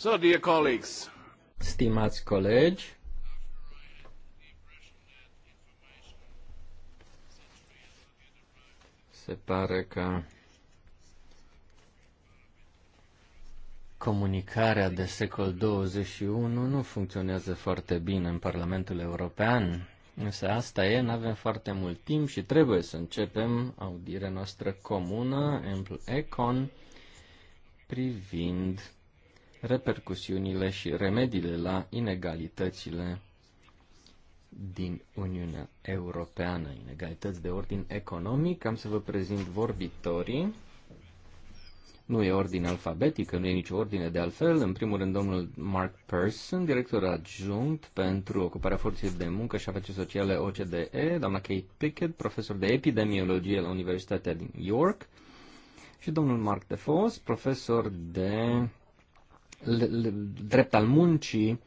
So, dear colleagues. Stimați colegi, se pare că comunicarea de secol 21 nu funcționează foarte bine în Parlamentul European. Însă asta e, nu avem foarte mult timp și trebuie să începem audierea noastră comună, Econ, privind repercusiunile și remediile la inegalitățile din Uniunea Europeană, inegalități de ordin economic. Am să vă prezint vorbitorii. Nu e ordine alfabetică, nu e nicio ordine de altfel. În primul rând, domnul Mark Person, director adjunct pentru ocuparea forței de muncă și afaceri sociale OCDE, doamna Kate Pickett, profesor de epidemiologie la Universitatea din York, și domnul Mark DeFos, profesor de drept al muncii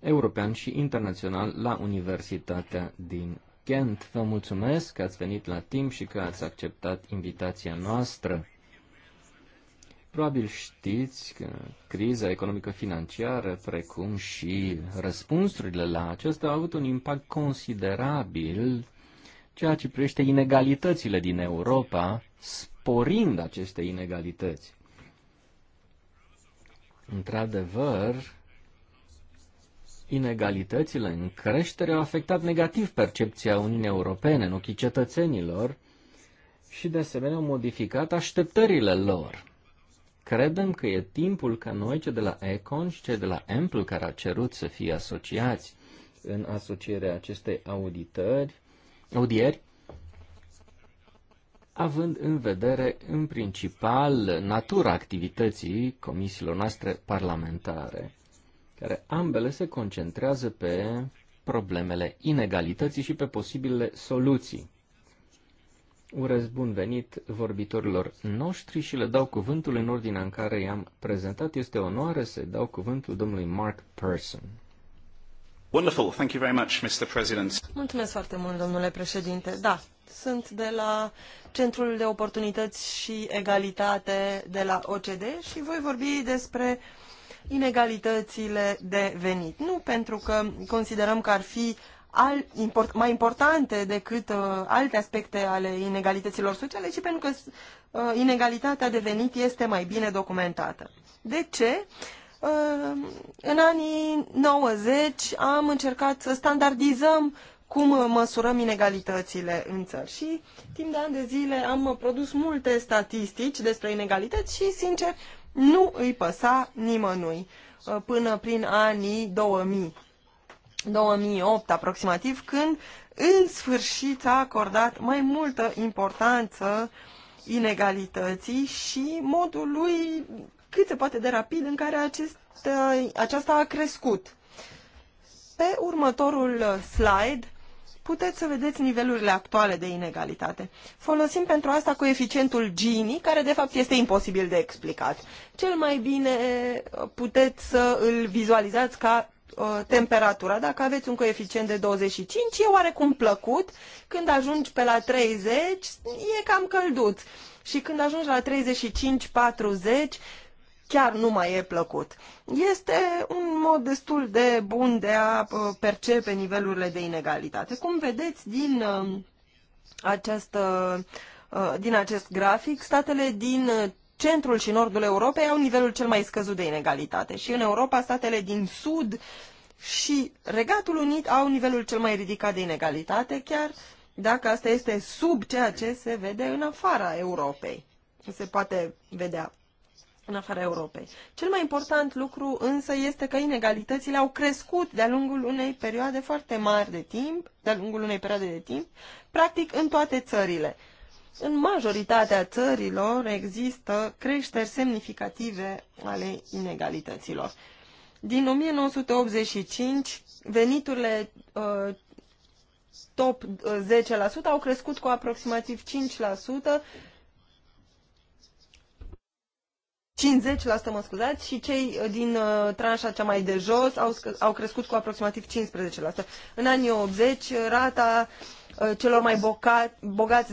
european și internațional la Universitatea din Kent. Vă mulțumesc că ați venit la timp și că ați acceptat invitația noastră. Probabil știți că criza economică-financiară, precum și răspunsurile la acestea, au avut un impact considerabil ceea ce privește inegalitățile din Europa, sporind aceste inegalități. Într-adevăr, inegalitățile în creștere au afectat negativ percepția Uniunii Europene în ochii cetățenilor și de asemenea au modificat așteptările lor. Credem că e timpul ca noi, cei de la Econ și cei de la Ample care au cerut să fie asociați în asocierea acestei auditări, audieri, având în vedere în principal natura activității comisiilor noastre parlamentare, care ambele se concentrează pe problemele inegalității și pe posibile soluții. Urez bun venit vorbitorilor noștri și le dau cuvântul în ordinea în care i-am prezentat. Este onoare să dau cuvântul domnului Mark Person. Wonderful. Thank you very much, Mr. President. Mulțumesc foarte mult, domnule președinte. Da, sunt de la Centrul de Oportunități și Egalitate de la OCDE și voi vorbi despre inegalitățile de venit. Nu pentru că considerăm că ar fi al, import, mai importante decât uh, alte aspecte ale inegalităților sociale, ci pentru că uh, inegalitatea de venit este mai bine documentată. De ce? Uh, în anii 90 am încercat să standardizăm cum măsurăm inegalitățile în țări. Și timp de ani de zile am produs multe statistici despre inegalități și, sincer, nu îi păsa nimănui până prin anii 2000. 2008 aproximativ, când în sfârșit a acordat mai multă importanță inegalității și modului cât se poate de rapid în care acest, uh, aceasta a crescut. Pe următorul uh, slide puteți să vedeți nivelurile actuale de inegalitate. Folosim pentru asta coeficientul Gini, care de fapt este imposibil de explicat. Cel mai bine uh, puteți să îl vizualizați ca uh, temperatura. Dacă aveți un coeficient de 25, e oarecum plăcut. Când ajungi pe la 30, e cam călduț. Și când ajungi la 35-40, chiar nu mai e plăcut. Este un mod destul de bun de a uh, percepe nivelurile de inegalitate. Cum vedeți din uh, acest uh, din acest grafic, statele din centrul și nordul Europei au nivelul cel mai scăzut de inegalitate și în Europa statele din sud și Regatul Unit au nivelul cel mai ridicat de inegalitate, chiar dacă asta este sub ceea ce se vede în afara Europei. Se poate vedea în afara Europei. Cel mai important lucru însă este că inegalitățile au crescut de-a lungul unei perioade foarte mari de timp, de-a lungul unei perioade de timp, practic în toate țările. În majoritatea țărilor există creșteri semnificative ale inegalităților. Din 1985, veniturile uh, top 10% uh, au crescut cu aproximativ 5%, 50%, mă scuzați, și cei uh, din uh, tranșa cea mai de jos au, au crescut cu aproximativ 15%. În anii 80, uh, rata celor mai boca, bogați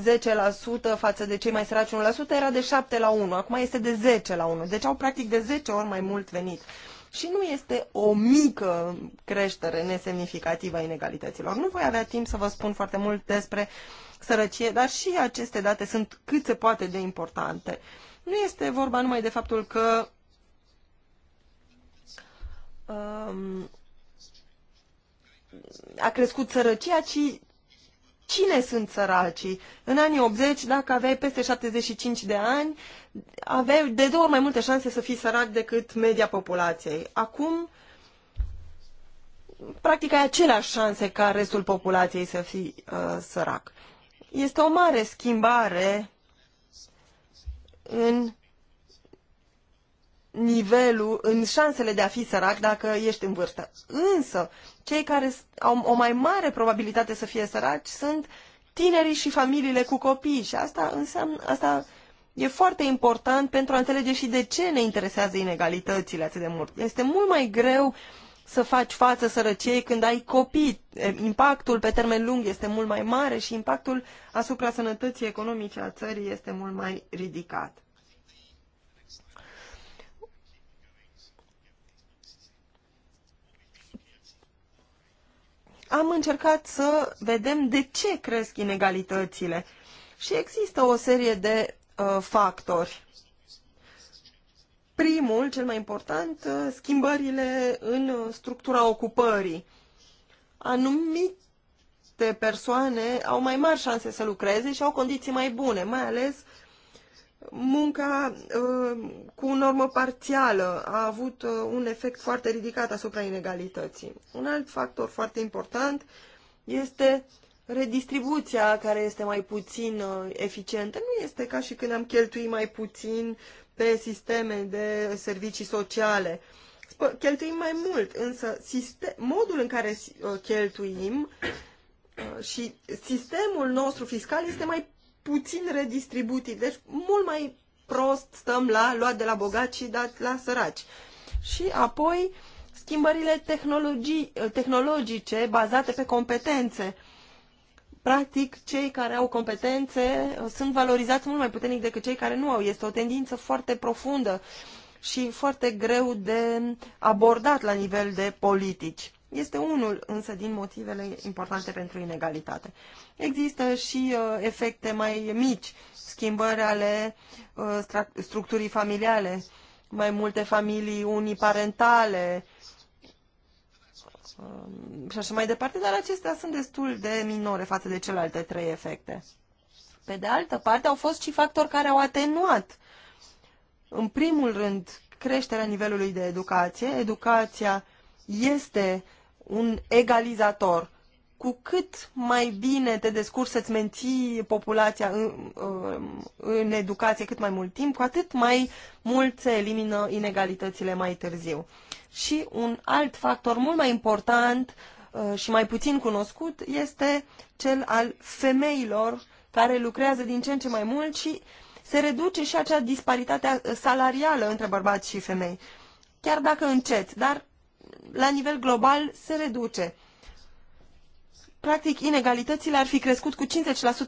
10% față de cei mai săraci 1% era de 7 la 1, acum este de 10 la 1, deci au practic de 10 ori mai mult venit. Și nu este o mică creștere nesemnificativă a inegalităților. Nu voi avea timp să vă spun foarte mult despre sărăcie, dar și aceste date sunt cât se poate de importante. Uh, nu este vorba numai de faptul că um, a crescut sărăcia, ci cine sunt săracii. În anii 80, dacă aveai peste 75 de ani, aveai de două ori mai multe șanse să fii sărac decât media populației. Acum, practic, ai aceleași șanse ca restul populației să fii uh, sărac. Este o mare schimbare în nivelul, în șansele de a fi sărac dacă ești în vârstă. Însă, cei care au o mai mare probabilitate să fie săraci sunt tinerii și familiile cu copii și asta înseamnă, asta e foarte important pentru a înțelege și de ce ne interesează inegalitățile atât de mult. Este mult mai greu să faci față sărăciei când ai copii. Impactul pe termen lung este mult mai mare și impactul asupra sănătății economice a țării este mult mai ridicat. am încercat să vedem de ce cresc inegalitățile. Și există o serie de uh, factori. Primul, cel mai important, uh, schimbările în structura ocupării. Anumite persoane au mai mari șanse să lucreze și au condiții mai bune, mai ales munca cu uh, cu normă parțială a avut uh, un efect foarte ridicat asupra inegalității. Un alt factor foarte important este redistribuția care este mai puțin uh, eficientă. Nu este ca și când am cheltuit mai puțin pe sisteme de servicii sociale. cheltuim mai mult, însă modul în care cheltuim și sistemul nostru fiscal este mai puțin redistributiv. Deci mult mai prost stăm la luat de la bogați și dat la săraci. Și apoi schimbările tehnologii, tehnologice bazate pe competențe. Practic, cei care au competențe uh, sunt valorizați mult mai puternic decât cei care nu au. Este o tendință foarte profundă și foarte greu de abordat la nivel de politici este unul însă din motivele importante pentru inegalitate. Există și uh, efecte mai mici, schimbări ale uh, structurii familiale, mai multe familii uniparentale uh, și așa mai departe, dar acestea sunt destul de minore față de celelalte trei efecte. Pe de altă parte, au fost și factori care au atenuat. În primul rând, creșterea nivelului de educație. Educația este un egalizator. Cu cât mai bine te descurci să-ți menții populația în, um, în educație cât mai mult timp, cu atât mai mult se elimină inegalitățile mai târziu. Și un alt factor mult mai important uh, și mai puțin cunoscut este cel al femeilor care lucrează din ce în ce mai mult și se reduce și acea disparitate salarială între bărbați și femei. Chiar dacă încet, dar la nivel global se reduce. Practic, inegalitățile ar fi crescut cu 50%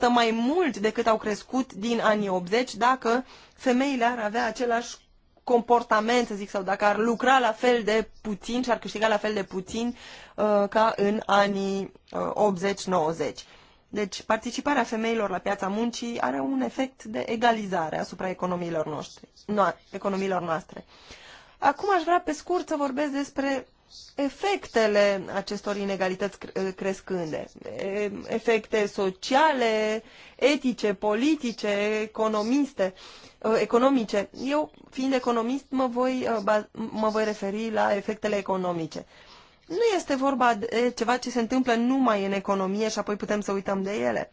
mai mult decât au crescut din anii 80 dacă femeile ar avea același comportament, să zic, sau dacă ar lucra la fel de puțin și ar câștiga la fel de puțin uh, ca în anii uh, 80-90. Deci, participarea femeilor la piața muncii are un efect de egalizare asupra economiilor, noștri, no, economiilor noastre. Acum aș vrea pe scurt să vorbesc despre efectele acestor inegalități crescânde, efecte sociale, etice, politice, economiste, ă, economice. Eu, fiind economist, mă voi, ă, mă voi referi la efectele economice. Nu este vorba de ceva ce se întâmplă numai în economie și apoi putem să uităm de ele.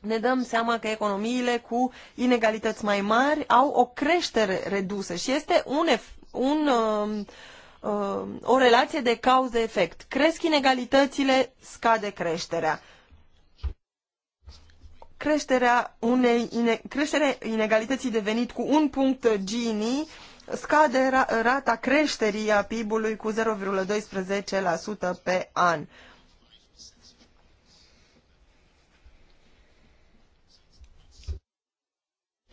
Ne dăm seama că economiile cu inegalități mai mari au o creștere redusă și este un, un uh, Uh, o relație de cauză-efect. Cresc inegalitățile, scade creșterea. Creșterea, unei, ine, creșterea inegalității de venit cu un punct Gini scade ra, rata creșterii a PIB-ului cu 0,12% pe an.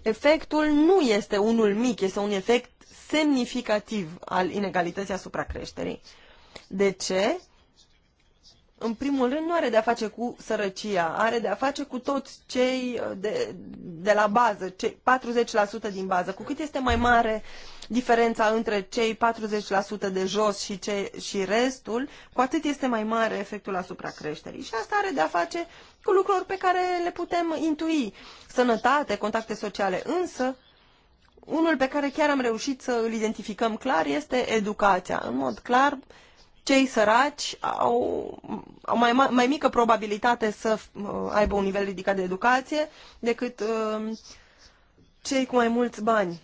Efectul nu este unul mic, este un efect semnificativ al inegalității asupra creșterii. De ce? În primul rând, nu are de-a face cu sărăcia, are de-a face cu toți cei uh, de, de la bază, cei 40% din bază. Cu cât este mai mare diferența între cei 40% de jos și, ce, și restul, cu atât este mai mare efectul asupra creșterii. Și asta are de-a face cu lucruri pe care le putem intui. Sănătate, contacte sociale, însă unul pe care chiar am reușit să îl identificăm clar este educația. În mod clar, cei săraci au, au mai, mai mică probabilitate să uh, aibă un nivel ridicat de educație decât uh, cei cu mai mulți bani.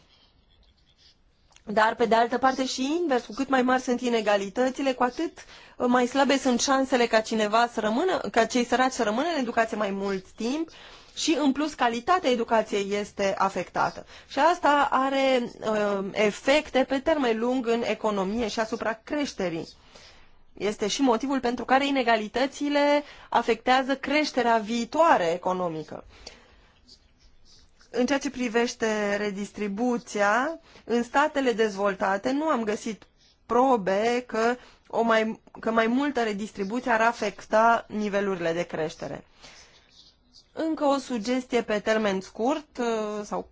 Dar, pe de altă parte, și invers, cu cât mai mari sunt inegalitățile, cu atât uh, mai slabe sunt șansele ca cineva să rămână, ca cei săraci să rămână în educație mai mult timp și, în plus, calitatea educației este afectată. Și asta are uh, efecte pe termen lung în economie și asupra creșterii. Este și motivul pentru care inegalitățile afectează creșterea viitoare economică. În ceea ce privește redistribuția, în statele dezvoltate nu am găsit probe că, o mai, că mai multă redistribuție ar afecta nivelurile de creștere. Încă o sugestie pe termen scurt uh, sau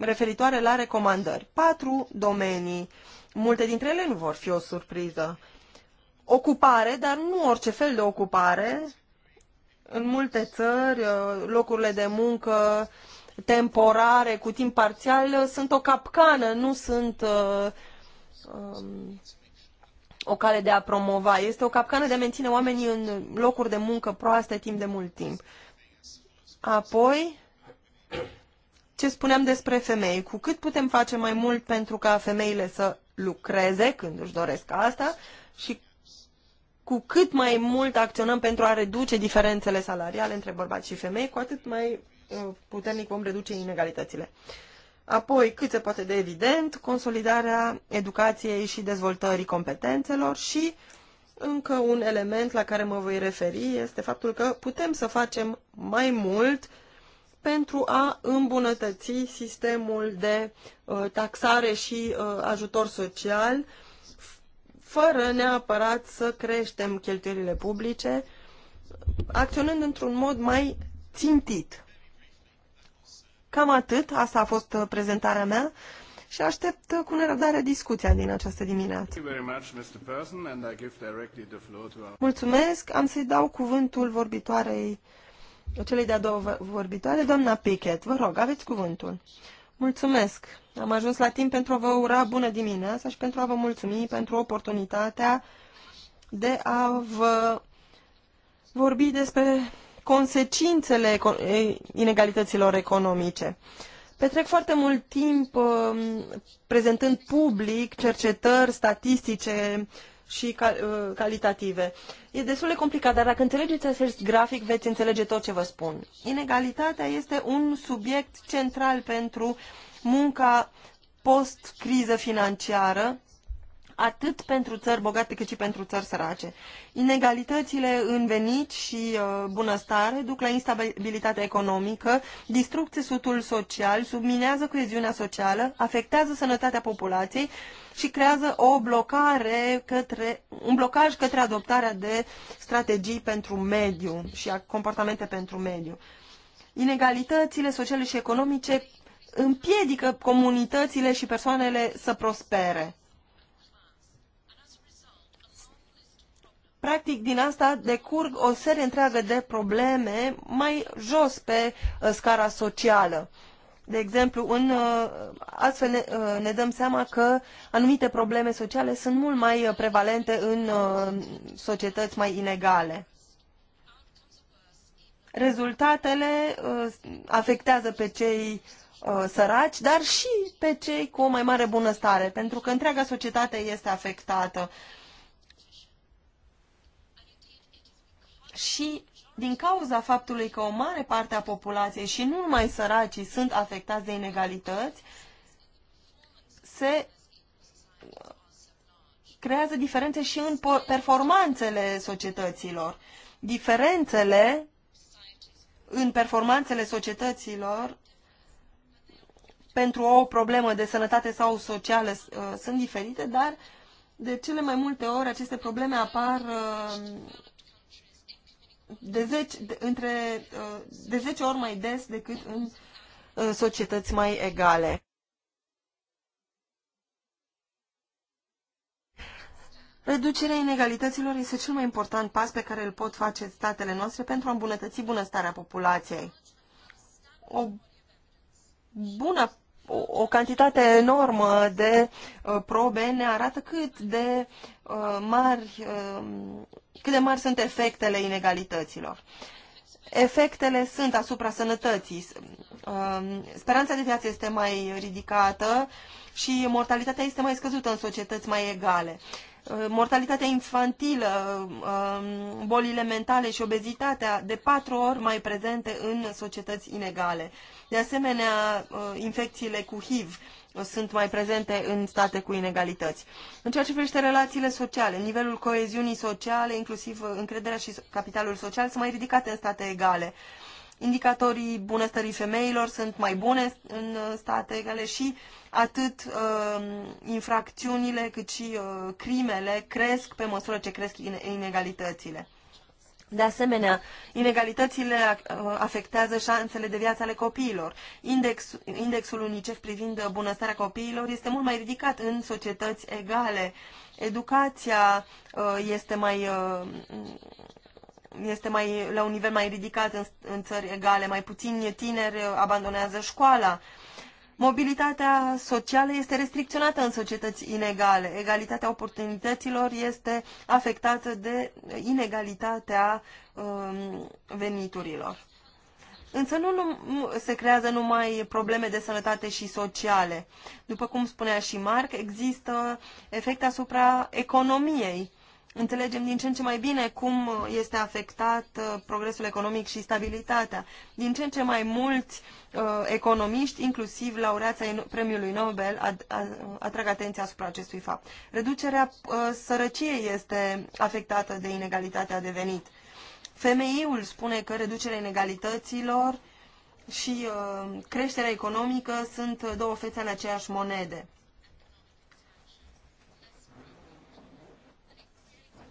referitoare la recomandări. Patru domenii. Multe dintre ele nu vor fi o surpriză. Ocupare, dar nu orice fel de ocupare. În multe țări, uh, locurile de muncă temporare cu timp parțial sunt o capcană, nu sunt uh, um, o cale de a promova. Este o capcană de a menține oamenii în locuri de muncă proaste timp de mult timp. Apoi, ce spuneam despre femei, cu cât putem face mai mult pentru ca femeile să lucreze când își doresc asta și cu cât mai mult acționăm pentru a reduce diferențele salariale între bărbați și femei, cu atât mai puternic vom reduce inegalitățile. Apoi, cât se poate de evident, consolidarea educației și dezvoltării competențelor și încă un element la care mă voi referi este faptul că putem să facem mai mult pentru a îmbunătăți sistemul de uh, taxare și uh, ajutor social fără neapărat să creștem cheltuielile publice, acționând într-un mod mai țintit. Cam atât, asta a fost uh, prezentarea mea și aștept uh, cu nerăbdare discuția din această dimineață. Mulțumesc, am să-i dau cuvântul vorbitoarei, celei de-a doua vorbitoare, doamna Pichet. Vă rog, aveți cuvântul. Mulțumesc! Am ajuns la timp pentru a vă ura bună dimineața și pentru a vă mulțumi pentru oportunitatea de a vă vorbi despre consecințele inegalităților economice. Petrec foarte mult timp um, prezentând public cercetări statistice și uh, calitative. E destul de complicat, dar dacă înțelegeți acest grafic, veți înțelege tot ce vă spun. Inegalitatea este un subiect central pentru munca post-criză financiară atât pentru țări bogate cât și pentru țări sărace. Inegalitățile în venit și uh, bunăstare duc la instabilitate economică, distrug țesutul social, subminează coeziunea socială, afectează sănătatea populației și creează o blocare către, un blocaj către adoptarea de strategii pentru mediu și a comportamente pentru mediu. Inegalitățile sociale și economice împiedică comunitățile și persoanele să prospere. practic din asta decurg o serie întreagă de probleme mai jos pe uh, scara socială. De exemplu, în, uh, astfel ne, uh, ne dăm seama că anumite probleme sociale sunt mult mai prevalente în societăți mai inegale. Rezultatele afectează pe cei săraci, dar și pe cei cu o mai mare bunăstare, pentru că întreaga societate este afectată. și din cauza faptului că o mare parte a populației și nu numai săracii sunt afectați de inegalități, se creează diferențe și în performanțele societăților. Diferențele în performanțele societăților pentru o problemă de sănătate sau socială ă, sunt diferite, dar de cele mai multe ori aceste probleme apar ă, de 10, de, între, uh, de 10 ori mai des decât în uh, societăți mai egale. Reducerea inegalităților este cel mai important pas pe care îl pot face statele noastre pentru a îmbunătăți bunăstarea populației. O bună o, cantitate enormă de uh, probe ne arată cât de uh, mari uh, cât de mari sunt efectele inegalităților. Efectele sunt asupra sănătății. Speranța de viață este mai ridicată și mortalitatea este mai scăzută în societăți mai egale. Uh, mortalitatea infantilă, uh, um, bolile mentale și obezitatea de patru ori mai prezente în societăți inegale. De asemenea, uh, infecțiile cu HIV sunt mai prezente în state cu inegalități. În ceea ce privește relațiile sociale, nivelul coeziunii sociale, inclusiv încrederea și capitalul social, sunt mai ridicate în state egale indicatorii bunăstării femeilor sunt mai bune în state egale și atât uh, infracțiunile cât și uh, crimele cresc pe măsură ce cresc inegalitățile. De asemenea, inegalitățile uh, afectează șansele de viață ale copiilor. Index, indexul UNICEF privind bunăstarea copiilor este mult mai ridicat în societăți egale. Educația uh, este mai uh, este mai, la un nivel mai ridicat în, în țări egale, mai puțini tineri abandonează școala. Mobilitatea socială este restricționată în societăți inegale. Egalitatea oportunităților este afectată de inegalitatea um, veniturilor. Însă nu, nu se creează numai probleme de sănătate și sociale. După cum spunea și Marc, există efecte asupra economiei Înțelegem din ce în ce mai bine cum este afectat uh, progresul economic și stabilitatea. Din ce în ce mai mulți uh, economiști, inclusiv laureața premiului Nobel, atrag atenția asupra acestui fapt. Reducerea uh, sărăciei este afectată de inegalitatea de venit. Femeiul spune că reducerea inegalităților și creșterea economică sunt două fețe ale aceeași monede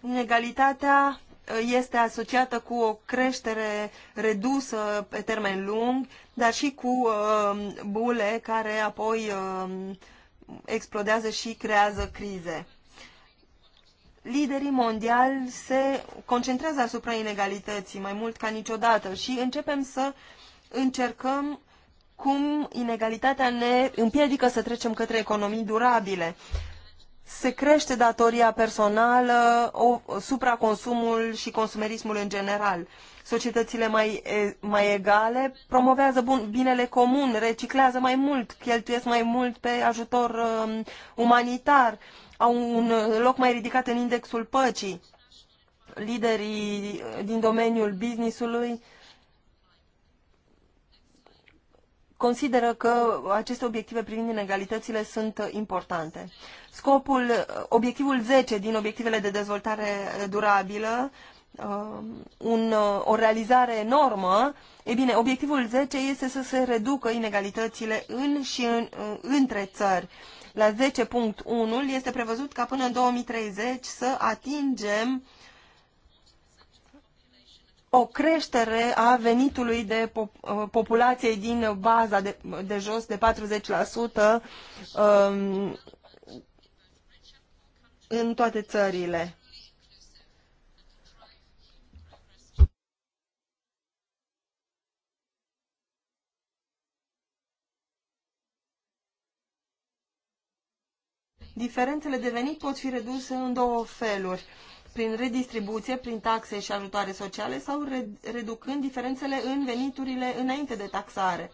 inegalitatea uh, este asociată cu o creștere redusă pe termen lung, dar și cu uh, bule care apoi uh, explodează și creează crize. Liderii mondiali se concentrează asupra inegalității mai mult ca niciodată și începem să încercăm cum inegalitatea ne împiedică să trecem către economii durabile se crește datoria personală, o, supraconsumul și consumerismul în general. Societățile mai, mai egale promovează bun, binele comun, reciclează mai mult, cheltuiesc mai mult pe ajutor um, umanitar, au un uh, loc mai ridicat în indexul păcii. Liderii uh, din domeniul businessului uh, consideră că aceste obiective privind inegalitățile sunt importante. Scopul, obiectivul 10 din obiectivele de dezvoltare durabilă, um, un, o realizare enormă, e bine, obiectivul 10 este să se reducă inegalitățile în și în, uh, între țări. La 10.1 este prevăzut ca până în 2030 să atingem uh, o creștere a venitului de pop- uh, populației din baza de, de jos de 40% um, în toate țările. Diferențele de venit pot fi reduse în două feluri prin redistribuție, prin taxe și ajutoare sociale sau reducând diferențele în veniturile înainte de taxare.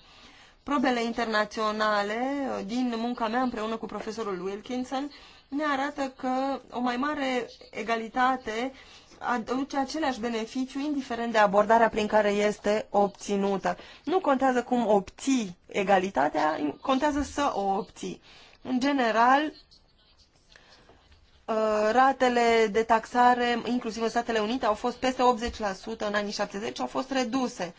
Probele internaționale uh, din munca mea împreună cu profesorul Wilkinson ne arată că o mai mare egalitate aduce aceleași beneficiu, indiferent de abordarea prin care este obținută. Nu contează cum obții egalitatea, contează să o obții. În general, Uh, ratele de taxare, inclusiv în Statele Unite, au fost peste 80% în anii 70 au fost reduse.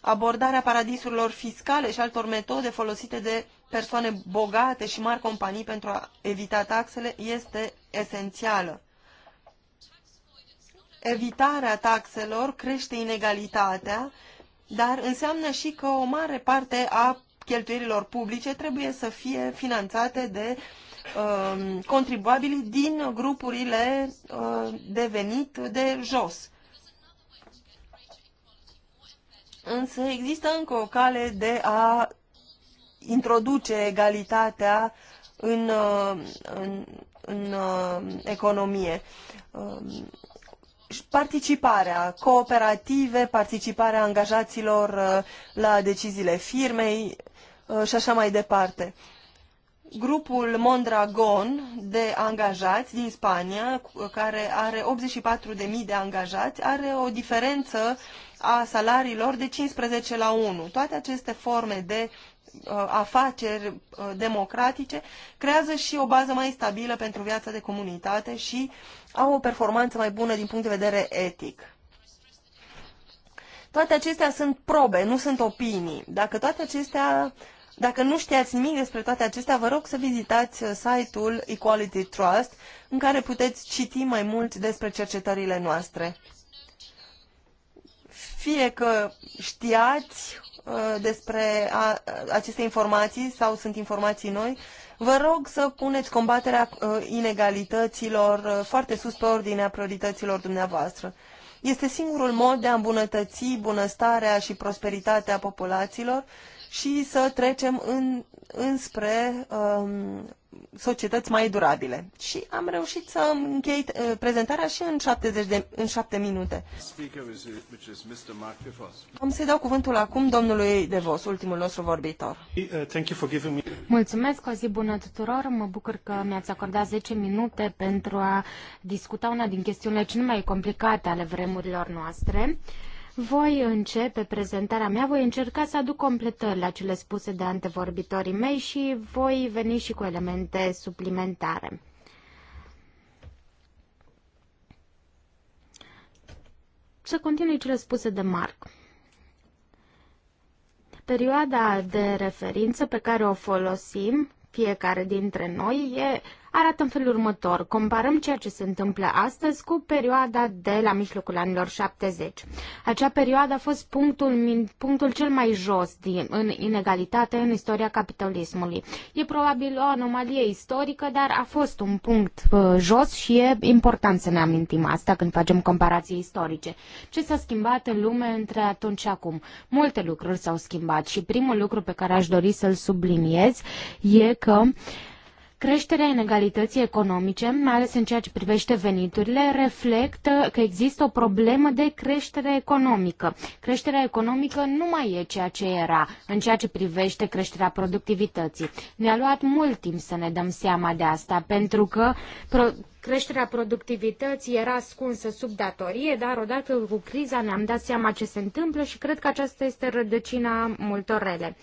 Abordarea paradisurilor fiscale și altor metode folosite de persoane bogate și mari companii pentru a evita taxele este esențială. Evitarea taxelor crește inegalitatea, dar înseamnă și că o mare parte a cheltuielilor publice trebuie să fie finanțate de uh, Um, contribuabilii din grupurile devenit uh, de venit de jos. Însă există încă o cale de a introduce egalitatea în, uh, în, în uh, economie. Um, participarea, cooperative, participarea angajaților la deciziile firmei și așa mai departe grupul Mondragon de angajați din Spania, care are 84.000 de angajați, are o diferență a salariilor de 15 la 1. Toate aceste forme de uh, afaceri uh, democratice creează și o bază mai stabilă pentru viața de comunitate și au o performanță mai bună din punct de vedere etic. Toate acestea sunt probe, nu sunt opinii. Dacă toate acestea uh, dacă nu știați nimic despre toate acestea, vă rog să vizitați uh, site-ul Equality Trust, în care puteți citi mai mult despre cercetările noastre. Fie că știați uh, despre a, uh, aceste informații sau sunt informații noi, vă rog să puneți combaterea inegalităților foarte sus pe ordinea priorităților dumneavoastră. Este singurul mod de a îmbunătăți bunăstarea și prosperitatea populațiilor și să trecem în, înspre um, societăți mai durabile. Și am reușit să închei uh, prezentarea și în 70 de, în 7 minute. Uh, am să-i dau cuvântul acum domnului De Vos, ultimul nostru vorbitor. Uh, Mulțumesc, o zi bună tuturor. Mă bucur că mi-ați acordat 10 minute pentru a discuta una din chestiunile cele mai complicate ale vremurilor noastre. Uh, voi începe prezentarea mea, voi încerca să aduc completări la cele spuse de antevorbitorii mei și voi veni și cu elemente suplimentare. Să continui cele spuse de Marc. Perioada de referință pe care o folosim fiecare dintre noi e arată în felul următor. Comparăm ceea ce se întâmplă astăzi cu perioada de la mijlocul anilor 70. Acea perioadă a fost punctul, punctul cel mai jos din, în inegalitate în istoria capitalismului. E probabil o anomalie istorică, dar a fost un punct uh, jos și e important să ne amintim asta când facem comparații istorice. Ce s-a schimbat în lume între atunci și acum? Multe lucruri s-au schimbat și primul lucru pe care aș dori să-l subliniez e că Creșterea inegalității economice, mai ales în ceea ce privește veniturile, reflectă că există o problemă de creștere economică. Creșterea economică nu mai e ceea ce era în ceea ce privește creșterea productivității. Ne-a luat mult timp să ne dăm seama de asta, pentru că pro- creșterea productivității era ascunsă sub datorie, dar odată cu criza ne-am dat seama ce se întâmplă și cred că aceasta este rădăcina multor rele.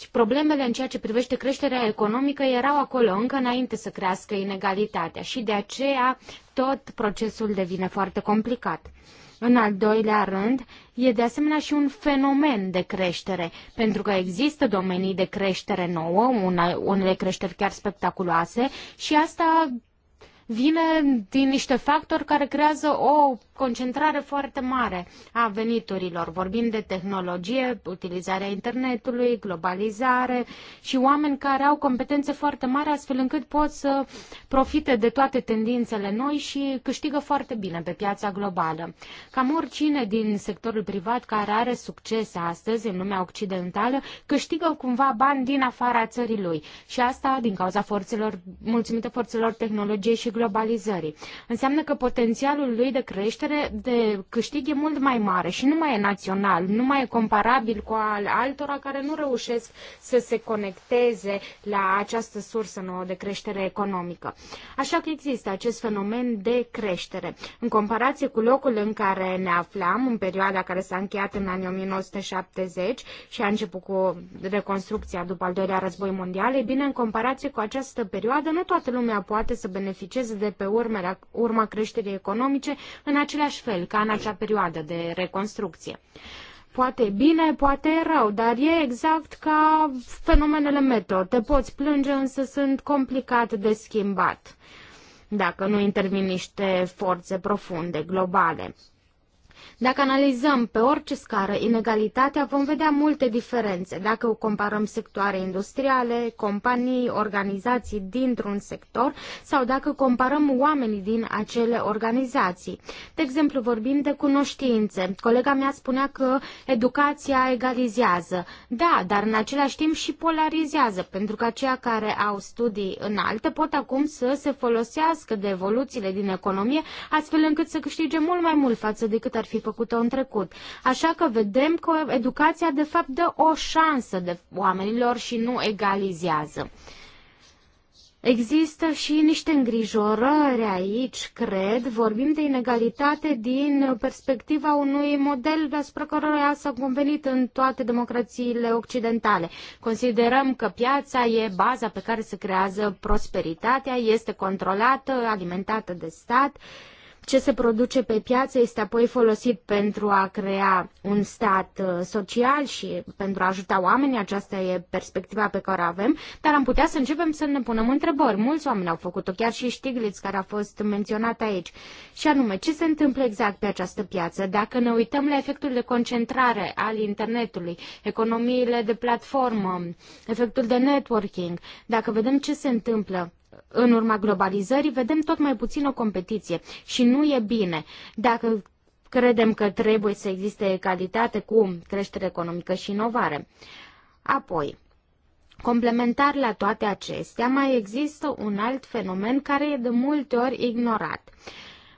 Deci, problemele în ceea ce privește creșterea economică erau acolo încă înainte să crească inegalitatea și de aceea tot procesul devine foarte complicat. În al doilea rând, e de asemenea și un fenomen de creștere, pentru că există domenii de creștere nouă, una, unele creșteri chiar spectaculoase, și asta vine din niște factori care creează o concentrare foarte mare a veniturilor. Vorbim de tehnologie, utilizarea internetului, globalizare și oameni care au competențe foarte mari astfel încât pot să profite de toate tendințele noi și câștigă foarte bine pe piața globală. Cam oricine din sectorul privat care are succes astăzi în lumea occidentală câștigă cumva bani din afara țării lui și asta din cauza forțelor, mulțumită forțelor tehnologiei și globalizării. Înseamnă că potențialul lui de creștere, de câștig e mult mai mare și nu mai e național, nu mai e comparabil cu al altora care nu reușesc să se conecteze la această sursă nouă de creștere economică. Așa că există acest fenomen de creștere. În comparație cu locul în care ne aflam, în perioada care s-a încheiat în anii 1970 și a început cu reconstrucția după al doilea război mondial, e bine, în comparație cu această perioadă, nu toată lumea poate să beneficieze beneficiază de pe urmele, urma creșterii economice în același fel ca în acea perioadă de reconstrucție. Poate bine, poate rău, dar e exact ca fenomenele meteo. Te poți plânge, însă sunt complicat de schimbat dacă nu intervin niște forțe profunde, globale. Dacă analizăm pe orice scară inegalitatea, vom vedea multe diferențe dacă o comparăm sectoare industriale, companii, organizații dintr-un sector sau dacă comparăm oamenii din acele organizații. De exemplu, vorbim de cunoștințe. Colega mea spunea că educația egalizează. Da, dar în același timp și polarizează, pentru că aceia care au studii înalte pot acum să se folosească de evoluțiile din economie, astfel încât să câștige mult mai mult față decât ar fi făcută în trecut. Așa că vedem că educația de fapt dă o șansă de oamenilor și nu egalizează. Există și niște îngrijorări aici, cred. Vorbim de inegalitate din perspectiva unui model asupra căruia s-a convenit în toate democrațiile occidentale. Considerăm că piața e baza pe care se creează prosperitatea, este controlată, alimentată de stat. Uh, ce se produce pe piață este apoi folosit pentru a crea un stat uh, social și pentru a ajuta oamenii. Aceasta e perspectiva pe care o avem, dar am putea să începem să ne punem întrebări. Mulți oameni au făcut-o, chiar și Stiglitz, care a fost menționat aici. Și anume, ce se întâmplă exact pe această piață? Dacă ne uităm la efectul de concentrare al internetului, economiile de platformă, efectul de networking, dacă vedem ce se întâmplă în urma globalizării vedem tot mai puțină competiție și nu e bine. Dacă credem că trebuie să existe egalitate cu creștere economică și inovare. Apoi, complementar la toate acestea, mai există un alt fenomen care e de multe ori ignorat.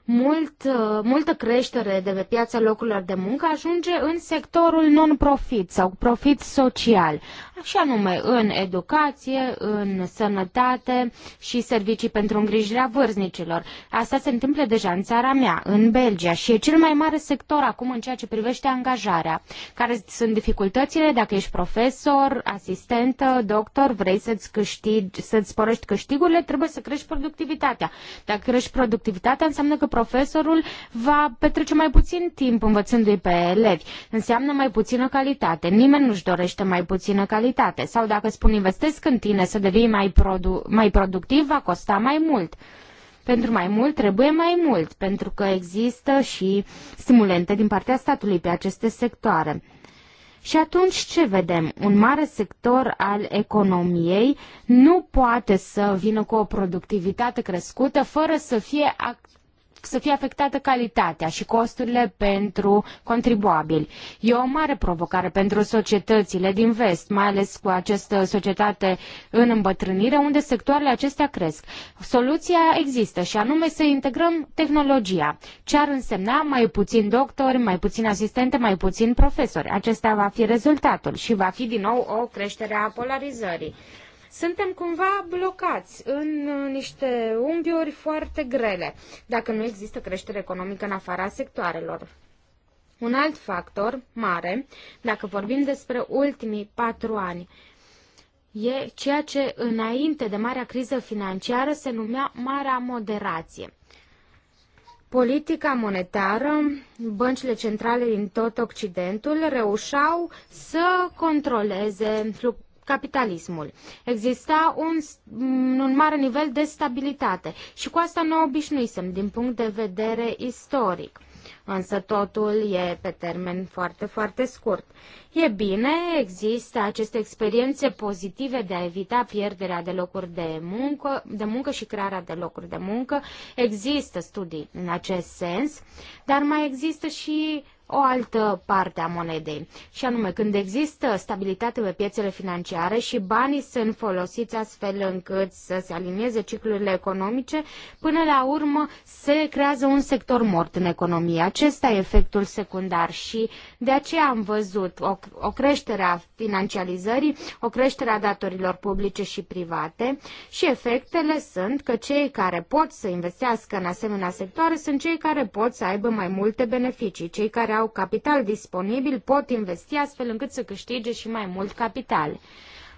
Mult, uh, multă creștere de pe piața locurilor de muncă ajunge în sectorul non-profit sau profit social și anume în educație, în sănătate și servicii pentru îngrijirea vârznicilor. Asta se întâmplă deja în țara mea, în Belgia și e cel mai mare sector acum în ceea ce privește angajarea. Care sunt dificultățile dacă ești profesor, asistentă, doctor, vrei să-ți câștigi, să-ți sporești câștigurile, trebuie să crești productivitatea. Dacă crești productivitatea, înseamnă că profesorul va petrece mai puțin timp învățându-i pe elevi. Înseamnă mai puțină calitate. Nimeni nu-și dorește mai puțină calitate securitate. Sau dacă spun investesc în tine să devii mai, produ- mai productiv, va costa mai mult. Pentru mai mult trebuie mai mult, pentru că există și stimulente din partea statului pe aceste sectoare. Și atunci ce vedem? Un mare sector al economiei nu poate să vină cu o productivitate crescută fără să fie să fie afectată calitatea și costurile pentru contribuabili. E o mare provocare pentru societățile din vest, mai ales cu această societate în îmbătrânire, unde sectoarele acestea cresc. Soluția există și anume să integrăm tehnologia, ce ar însemna mai puțin doctori, mai puțin asistente, mai puțin profesori. Acesta va fi rezultatul și va fi din nou o creștere a polarizării. Suntem cumva blocați în uh, niște unghiuri foarte grele, dacă nu există creștere economică în afara sectoarelor. Un alt factor mare, dacă vorbim despre ultimii patru ani, e ceea ce înainte de marea criză financiară se numea marea moderație. Politica monetară, băncile centrale din tot Occidentul reușeau să controleze capitalismul. Exista un, un mare nivel de stabilitate și cu asta nu obișnuisem din punct de vedere istoric. Însă totul e pe termen foarte, foarte scurt. E bine, există aceste experiențe pozitive de a evita pierderea de locuri de muncă, de muncă și crearea de locuri de muncă. Există studii în acest sens, dar mai există și o altă parte a monedei. Și anume, când există stabilitate pe piețele financiare și banii sunt folosiți astfel încât să se alinieze ciclurile economice, până la urmă se creează un sector mort în economie. Acesta e efectul secundar și de aceea am văzut o, o creștere a financializării, o creștere a datorilor publice și private și efectele sunt că cei care pot să investească în asemenea sectoare sunt cei care pot să aibă mai multe beneficii, cei care au au capital disponibil pot investi astfel încât să câștige și mai mult capital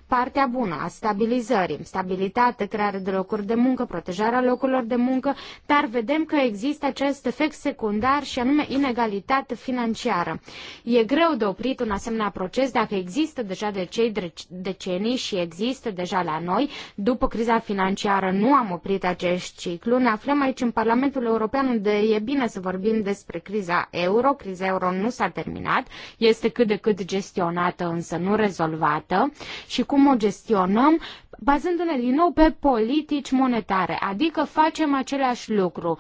partea bună a stabilizării, stabilitate, creare de locuri de muncă, protejarea locurilor de muncă, dar vedem că există acest efect secundar și anume inegalitate financiară. E greu de oprit un asemenea proces dacă există deja de cei decenii și există deja la noi. După criza financiară nu am oprit acest ciclu. Ne aflăm aici în Parlamentul European unde e bine să vorbim despre criza euro. Criza euro nu s-a terminat, este cât de cât gestionată, însă nu rezolvată și cu cum o gestionăm, bazându-ne din nou pe politici monetare, adică facem același lucru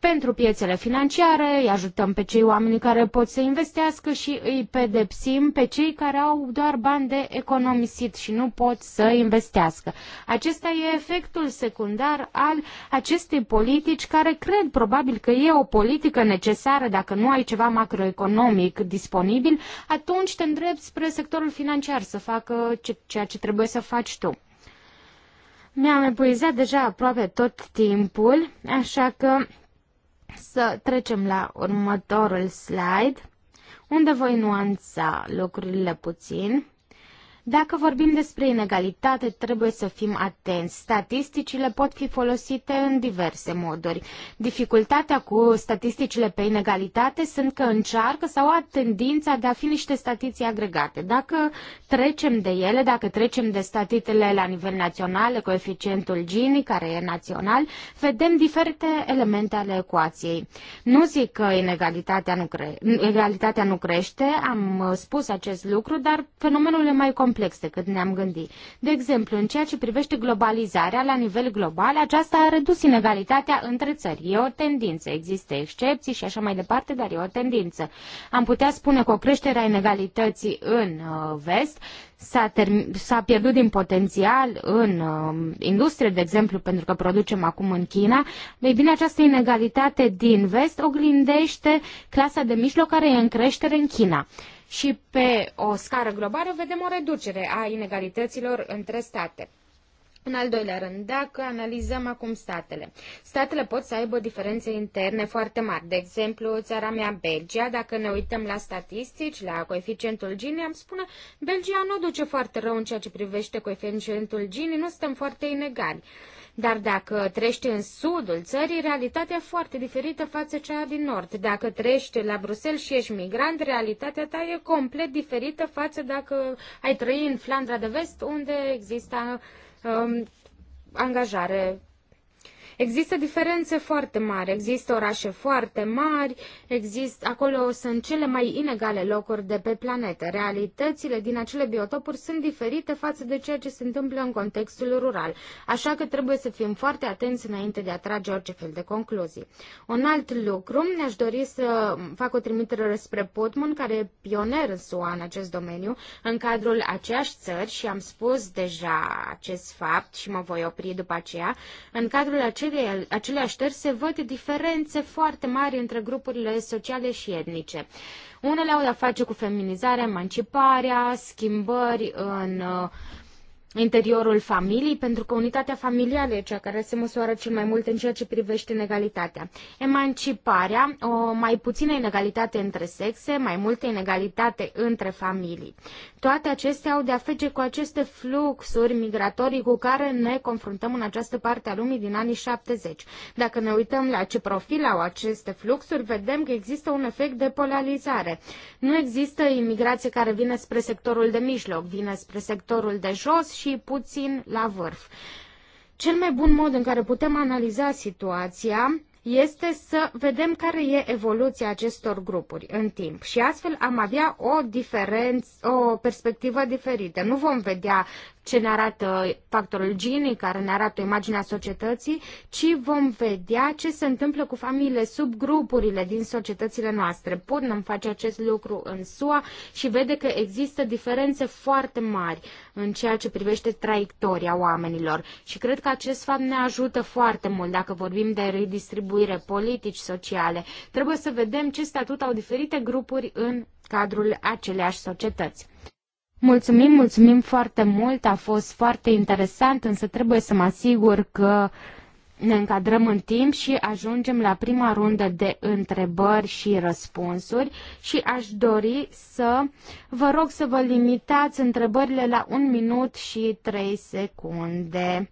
pentru piețele financiare, îi ajutăm pe cei oameni care pot să investească și îi pedepsim pe cei care au doar bani de economisit și nu pot să investească. Acesta e efectul secundar al acestei politici care cred probabil că e o politică necesară dacă nu ai ceva macroeconomic disponibil, atunci te îndrept spre sectorul financiar să facă ceea ce trebuie să faci tu. Mi-am epuizat deja aproape tot timpul, așa că să trecem la următorul slide, unde voi nuanța lucrurile puțin. Dacă vorbim despre inegalitate, trebuie să fim atenți. Statisticile pot fi folosite în diverse moduri. Dificultatea cu statisticile pe inegalitate sunt că încearcă sau au tendința de a fi niște statiții agregate. Dacă trecem de ele, dacă trecem de statitele la nivel național, coeficientul Gini, care e național, vedem diferite elemente ale ecuației. Nu zic că inegalitatea nu, cre- inegalitatea nu crește, am spus acest lucru, dar fenomenul e mai complex complex decât ne-am gândit. De exemplu, în ceea ce privește globalizarea la nivel global, aceasta a redus inegalitatea între țări. E o tendință, există excepții și așa mai departe, dar e o tendință. Am putea spune că o creștere a inegalității în uh, vest s-a, s-a pierdut din potențial în uh, industrie, de exemplu, pentru că producem acum în China, ei bine, această inegalitate din vest oglindește clasa de mijloc care e în creștere în China. Uh, și pe o scară globală vedem o reducere a inegalităților între state. În al doilea rând, dacă analizăm acum statele, statele pot să aibă diferențe interne foarte mari. De exemplu, țara mea, Belgia, dacă ne uităm la statistici, la coeficientul Gini, am spune, Belgia nu duce foarte rău în ceea ce privește coeficientul Gini, nu suntem foarte inegali. Dar dacă trăiești în sudul țării, realitatea foarte diferită față cea din nord. Dacă trăiești la Bruxelles și ești migrant, realitatea ta e complet diferită față dacă ai trăi în Flandra de Vest, unde există um, angajare Există diferențe foarte mari, există orașe foarte mari, există, acolo sunt cele mai inegale locuri de pe planetă. Realitățile din acele biotopuri sunt diferite față de ceea ce se întâmplă în contextul rural, așa că trebuie să fim foarte atenți înainte de a trage orice fel de concluzii. Un alt lucru, ne-aș dori să fac o trimitere spre Putman, care e pioner în SUA în acest domeniu, în cadrul aceeași țări și am spus deja acest fapt și mă voi opri după aceea, în cadrul acest acele, aceleași țări se văd diferențe foarte mari între grupurile sociale și etnice. Unele au de-a face cu feminizarea, emanciparea, schimbări în uh, interiorul familiei, pentru că unitatea familială e cea care se măsoară cel mai mult în ceea ce privește inegalitatea. Emanciparea, o mai puțină inegalitate între sexe, mai multă inegalitate între familii. Toate acestea au de-a face cu aceste fluxuri migratorii cu care ne confruntăm în această parte a lumii din anii 70. Dacă ne uităm la ce profil au aceste fluxuri, vedem că există un efect de polarizare. Nu există imigrație care vine spre sectorul de mijloc, vine spre sectorul de jos și și puțin la vârf. Cel mai bun mod în care putem analiza situația este să vedem care e evoluția acestor grupuri în timp și astfel am avea o diferență, o perspectivă diferită. Nu vom vedea ce ne arată factorul Gini, care ne arată imaginea societății, ci vom vedea ce se întâmplă cu familiile subgrupurile din societățile noastre. Putnam face acest lucru în SUA și vede că există diferențe foarte mari în ceea ce privește traiectoria oamenilor. Și cred că acest fapt ne ajută foarte mult dacă vorbim de redistribuire politici, sociale. Trebuie să vedem ce statut au diferite grupuri în cadrul aceleași societăți. Mulțumim, mulțumim foarte mult, a fost foarte interesant, însă trebuie să mă asigur că ne încadrăm în timp și ajungem la prima rundă de întrebări și răspunsuri și aș dori să vă rog să vă limitați întrebările la un minut și trei secunde,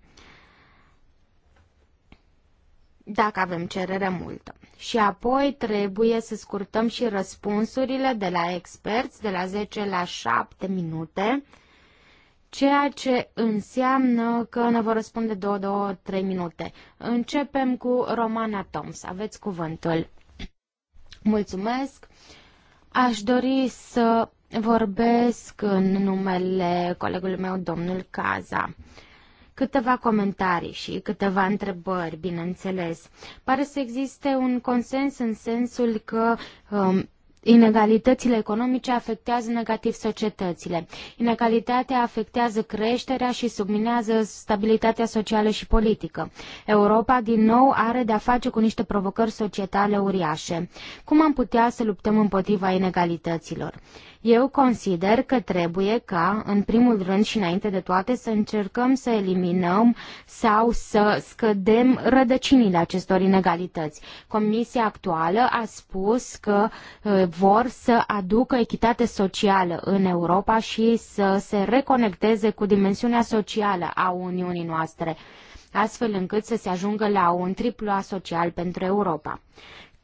dacă avem cerere multă. Și apoi trebuie să scurtăm și răspunsurile de la experți de la 10 la 7 minute, ceea ce înseamnă că ne vor răspunde 2-3 minute. Începem cu Romana Toms. Aveți cuvântul. Mulțumesc. Aș dori să vorbesc în numele colegului meu, domnul Caza. Câteva comentarii și câteva întrebări, bineînțeles. Pare să existe un consens în sensul că um, Inegalitățile economice afectează negativ societățile. Inegalitatea afectează creșterea și subminează stabilitatea socială și politică. Europa, din nou, are de-a face cu niște provocări societale uriașe. Cum am putea să luptăm împotriva inegalităților? Eu consider că trebuie ca, în primul rând și înainte de toate, să încercăm să eliminăm sau să scădem rădăcinile acestor inegalități. Comisia actuală a spus că uh, vor să aducă echitate socială în Europa și să se reconecteze cu dimensiunea socială a Uniunii noastre astfel încât să se ajungă la un triplu social pentru Europa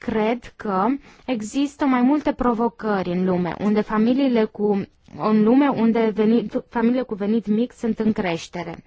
cred că există mai multe provocări în lume, unde familiile cu în lume unde venit, familiile cu venit mic sunt în creștere.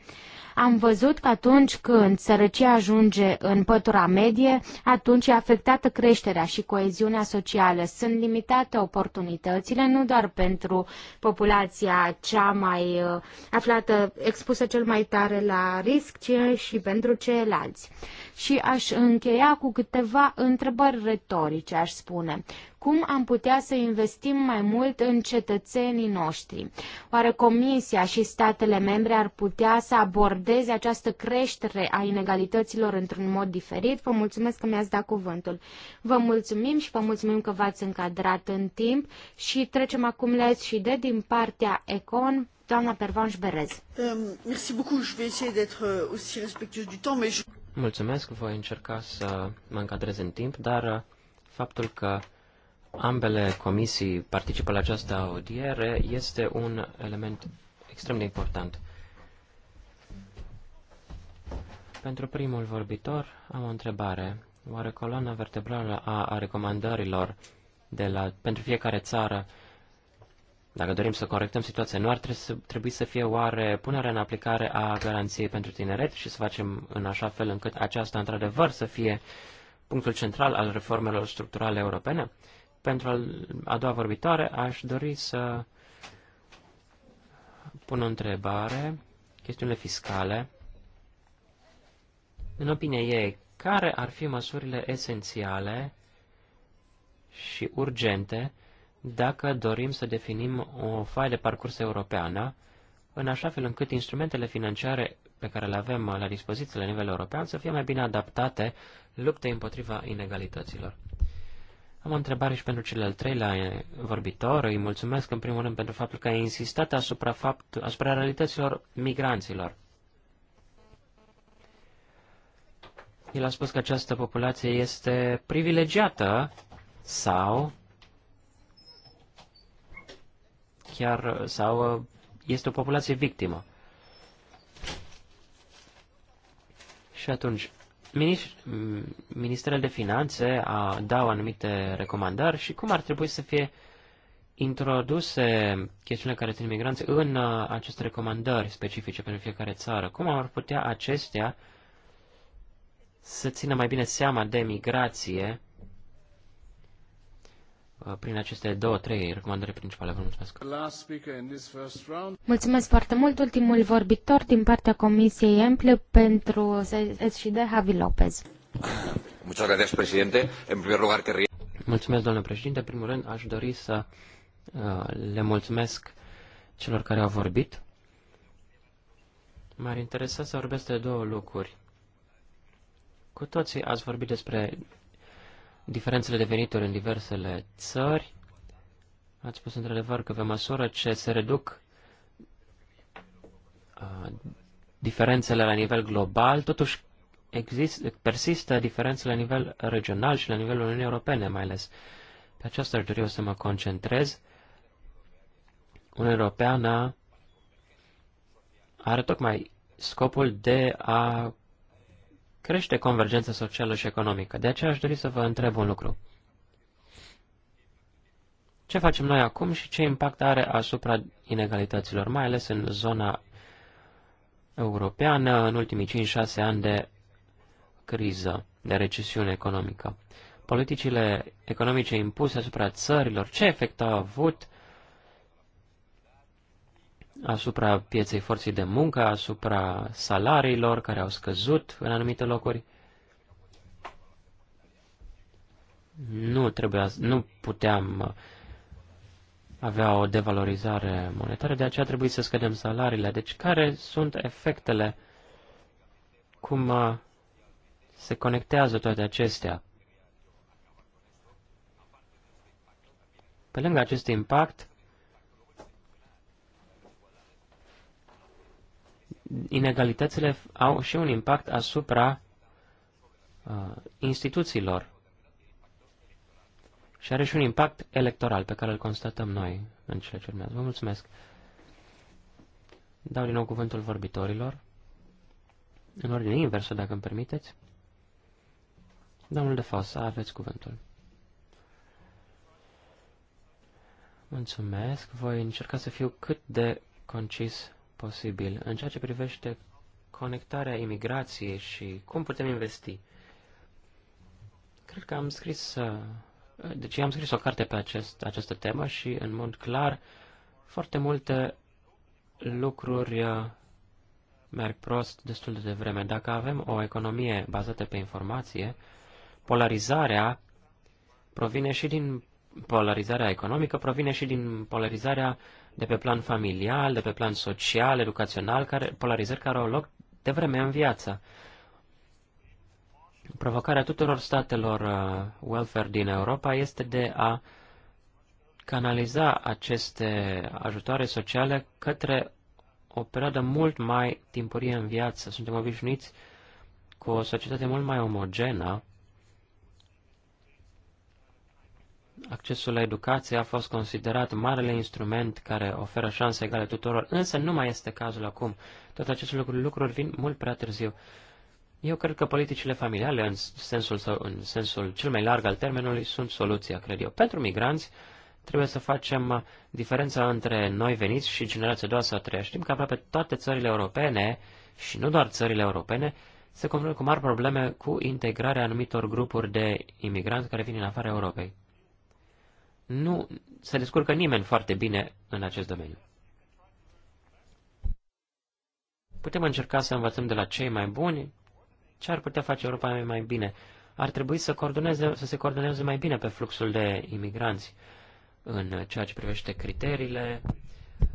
Am văzut că atunci când sărăcia ajunge în pătura medie, atunci e afectată creșterea și coeziunea socială. Sunt limitate oportunitățile, nu doar pentru populația cea mai uh, aflată, expusă cel mai tare la risc, ci și pentru ceilalți și aș încheia cu câteva întrebări retorice, aș spune. Cum am putea să investim mai mult în cetățenii noștri? Oare Comisia și statele membre ar putea să abordeze această creștere a inegalităților într-un mod diferit? Vă mulțumesc că mi-ați dat cuvântul. Vă mulțumim și vă mulțumim că v-ați încadrat în timp și trecem acum la și de din partea Econ. Doamna Pervanș Berez. Um, merci beaucoup. Je vais essayer d'être uh, aussi respectueuse du temps, mais je... Mulțumesc, voi încerca să mă încadrez în timp, dar uh, faptul că ambele comisii participă la această audiere este un element extrem de important. Pentru primul vorbitor am o întrebare. Oare coloana vertebrală a, a recomandărilor de la, pentru fiecare țară dacă dorim să corectăm situația, nu ar trebui să fie oare punerea în aplicare a garanției pentru tineret și să facem în așa fel încât aceasta într-adevăr să fie punctul central al reformelor structurale europene? Pentru a doua vorbitoare aș dori să pun o întrebare, chestiunile fiscale. În opinia ei, care ar fi măsurile esențiale și urgente dacă dorim să definim o foaie de parcurs europeană, în așa fel încât instrumentele financiare pe care le avem la dispoziție la nivel european să fie mai bine adaptate luptei împotriva inegalităților. Am o întrebare și pentru cel al treilea vorbitor. Îi mulțumesc în primul rând pentru faptul că a insistat asupra, fapt, asupra realităților migranților. El a spus că această populație este privilegiată sau chiar sau este o populație victimă. Și atunci, Ministerul de Finanțe a, dau da, anumite recomandări și cum ar trebui să fie introduse chestiunile care țin migranți în uh, aceste recomandări specifice pentru fiecare țară? Cum ar putea acestea să țină mai bine seama de migrație prin aceste două, trei recomandări principale. Vă mulțumesc. Mulțumesc foarte mult. Ultimul vorbitor din partea Comisiei Emple pentru SSD, Javi Lopez. Mulțumesc, domnule președinte. În primul rând, aș dori să uh, le mulțumesc celor care au vorbit. M-ar interesa să vorbesc de două lucruri. Cu toții ați vorbit despre diferențele de venituri în diversele țări. Ați spus într-adevăr că pe măsură ce se reduc uh, diferențele la nivel global, totuși exist, persistă diferențele la nivel regional și la nivelul Uniunii Europene mai ales. Pe aceasta aș dori eu să mă concentrez. Uniunea Europeană are tocmai scopul de a crește convergența socială și economică. De aceea aș dori să vă întreb un lucru. Ce facem noi acum și ce impact are asupra inegalităților, mai ales în zona europeană în ultimii 5-6 ani de criză, de recesiune economică? Politicile economice impuse asupra țărilor, ce efect au avut asupra pieței forței de muncă, asupra salariilor care au scăzut în anumite locuri. Nu, trebuia, nu puteam avea o devalorizare monetară, de aceea trebuie să scădem salariile. Deci care sunt efectele? Cum uh, se conectează toate acestea? Pe lângă acest impact, inegalitățile au și un impact asupra uh, instituțiilor și are și un impact electoral pe care îl constatăm noi în cele ce urmează. Vă mulțumesc. Dau din nou cuvântul vorbitorilor, în ordine inversă, dacă îmi permiteți. Domnul de Fosa, aveți cuvântul. Mulțumesc. Voi încerca să fiu cât de concis posibil. În ceea ce privește conectarea imigrației și cum putem investi, cred că am scris, uh, deci am scris o carte pe acest, această temă și, în mod clar, foarte multe lucruri uh, merg prost destul de devreme. Dacă avem o economie bazată pe informație, polarizarea provine și din polarizarea economică, provine și din polarizarea de pe plan familial, de pe plan social, educațional, care, polarizări care au loc de vreme în viață. Provocarea tuturor statelor uh, welfare din Europa este de a canaliza aceste ajutoare sociale către o perioadă mult mai timpurie în viață. Suntem obișnuiți cu o societate mult mai omogenă, accesul la educație a fost considerat marele instrument care oferă șanse egale tuturor, însă nu mai este cazul acum. Tot acest lucruri, lucruri vin mult prea târziu. Eu cred că politicile familiale, în sensul, sau, în sensul cel mai larg al termenului, sunt soluția, cred eu. Pentru migranți, trebuie să facem diferența între noi veniți și generația doua sau treia. Știm că aproape toate țările europene, și nu doar țările europene, se confruntă cu mari probleme cu integrarea anumitor grupuri de imigranți care vin în afara Europei nu se descurcă nimeni foarte bine în acest domeniu. Putem încerca să învățăm de la cei mai buni ce ar putea face Europa mai bine. Ar trebui să, coordoneze, să se coordoneze mai bine pe fluxul de imigranți în ceea ce privește criteriile,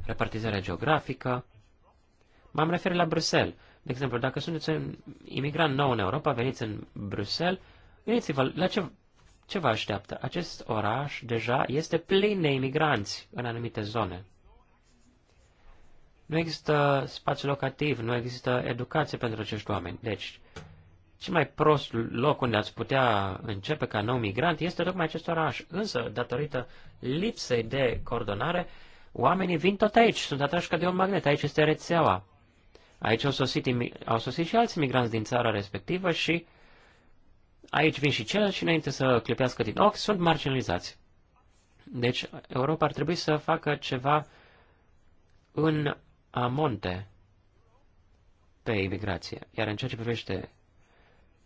repartizarea geografică. M-am referit la Bruxelles. De exemplu, dacă sunteți un imigrant nou în Europa, veniți în Bruxelles, gândiți-vă la ce ce vă așteaptă? Acest oraș deja este plin de imigranți în anumite zone. Nu există spațiu locativ, nu există educație pentru acești oameni. Deci, cel mai prost loc unde ați putea începe ca nou migrant este tocmai acest oraș. Însă, datorită lipsei de coordonare, oamenii vin tot aici, sunt atrași ca de un magnet. Aici este rețeaua. Aici au sosit, au sosit și alți migranți din țara respectivă și uh, aici vin și cel și înainte să clipească din ochi, sunt marginalizați. Deci Europa ar trebui să facă ceva în amonte pe imigrație. Iar în ceea ce privește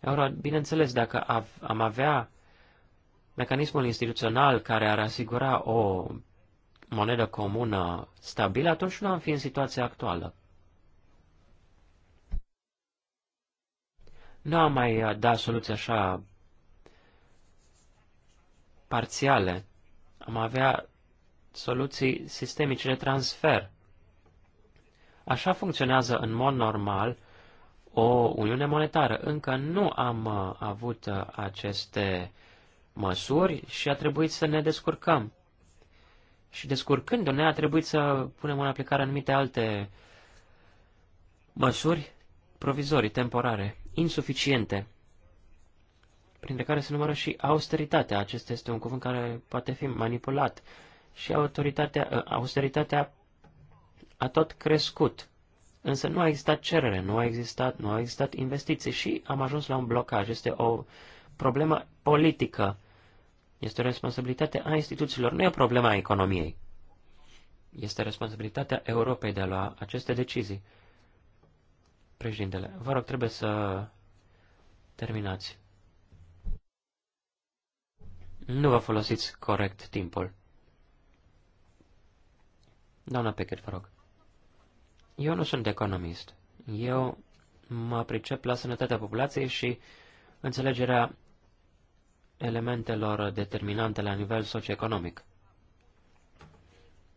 euro, bineînțeles, dacă am avea mecanismul instituțional care ar asigura o monedă comună stabilă, atunci nu am fi în situația actuală. nu am mai uh, dat soluții așa parțiale. Am avea soluții sistemice de transfer. Așa funcționează în mod normal o uniune monetară. Încă nu am uh, avut uh, aceste măsuri și a trebuit să ne descurcăm. Și descurcându-ne, a trebuit să punem în aplicare anumite alte măsuri provizorii, temporare insuficiente, printre care se numără și austeritatea. Acesta este un cuvânt care poate fi manipulat. Și autoritatea, ă, austeritatea a tot crescut. Însă nu a existat cerere, nu a existat, nu a existat investiții și am ajuns la un blocaj. Este o problemă politică. Este o responsabilitate a instituțiilor, nu e o problemă a economiei. Este responsabilitatea Europei de a lua aceste decizii. Președintele, vă rog, trebuie să terminați. Nu vă folosiți corect timpul. Doamna Peckett, vă rog. Eu nu sunt economist. Eu mă pricep la sănătatea populației și înțelegerea elementelor determinante la nivel socioeconomic.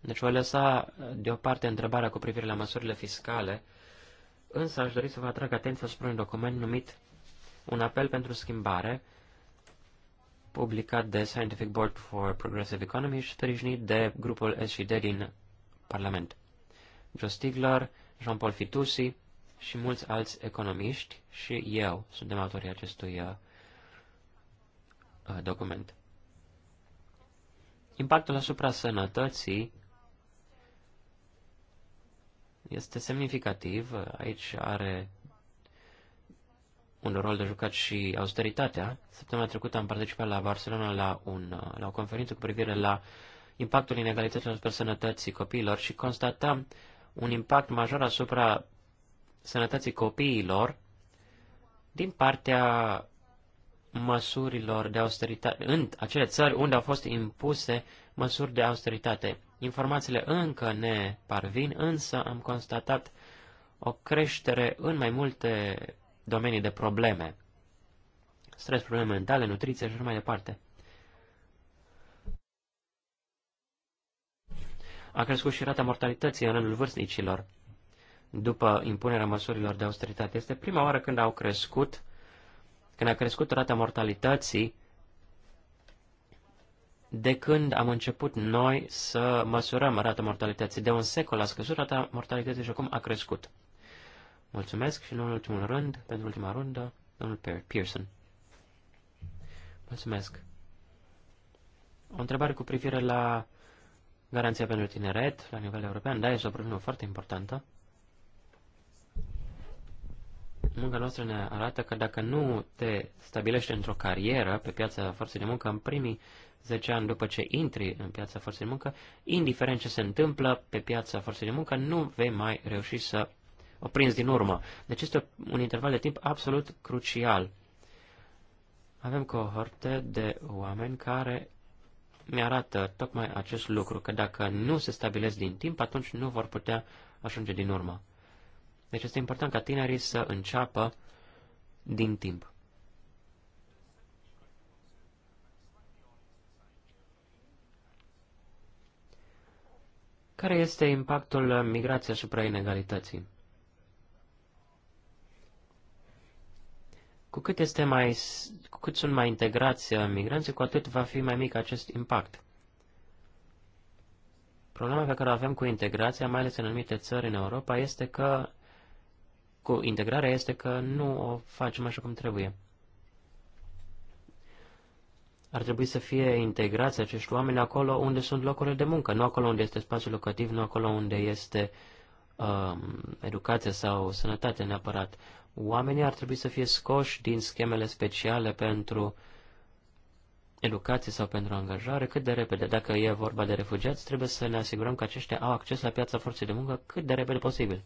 Deci voi lăsa deoparte întrebarea cu privire la măsurile fiscale Însă aș dori să vă atrag atenția asupra un document numit Un apel pentru schimbare, publicat de Scientific Board for Progressive Economy și sprijinit de grupul S&D din Parlament. Joe Stigler, Jean-Paul Fitusi și mulți alți economiști și eu suntem autorii acestui uh, document. Impactul asupra sănătății este semnificativ. Aici are un rol de jucat și austeritatea. Săptămâna trecută am participat la Barcelona la, un, la o conferință cu privire la impactul inegalităților asupra sănătății copiilor și constatam un impact major asupra sănătății copiilor din partea măsurilor de austeritate, în acele țări unde au fost impuse măsuri de austeritate. Informațiile încă ne parvin, însă am constatat o creștere în mai multe domenii de probleme. Stres, probleme mentale, nutriție și așa mai departe. A crescut și rata mortalității în rândul vârstnicilor după impunerea măsurilor de austeritate. Este prima oară când au crescut, când a crescut rata mortalității de când am început noi să măsurăm rata mortalității. De un secol a scăzut rata mortalității și acum a crescut. Mulțumesc și, în ultimul rând, pentru ultima rundă, domnul Pearson. Mulțumesc. O întrebare cu privire la garanția pentru tineret la nivel european. Da, este o problemă foarte importantă. Munca noastră ne arată că dacă nu te stabilești într-o carieră pe piața forței de muncă în primii 10 ani după ce intri în piața forței de muncă, indiferent ce se întâmplă pe piața forței de muncă, nu vei mai reuși să o prinzi din urmă. Deci este un interval de timp absolut crucial. Avem cohorte de oameni care mi-arată tocmai acest lucru, că dacă nu se stabilesc din timp, atunci nu vor putea ajunge din urmă. Deci este important ca tinerii să înceapă din timp. Care este impactul migrației asupra inegalității? Cu cât, este mai, cu cât sunt mai integrați uh, migranții, cu atât va fi mai mic acest impact. Problema pe care o avem cu integrația, mai ales în anumite țări în Europa, este că cu integrarea este că nu o facem așa cum trebuie ar trebui să fie integrați acești oameni acolo unde sunt locurile de muncă, nu acolo unde este spațiul locativ, nu acolo unde este uh, um, educație sau sănătate neapărat. Oamenii ar trebui să fie scoși din schemele speciale pentru educație sau pentru angajare cât de repede. Dacă e vorba de refugiați, trebuie să ne asigurăm că aceștia au acces la piața forței de muncă cât de repede posibil.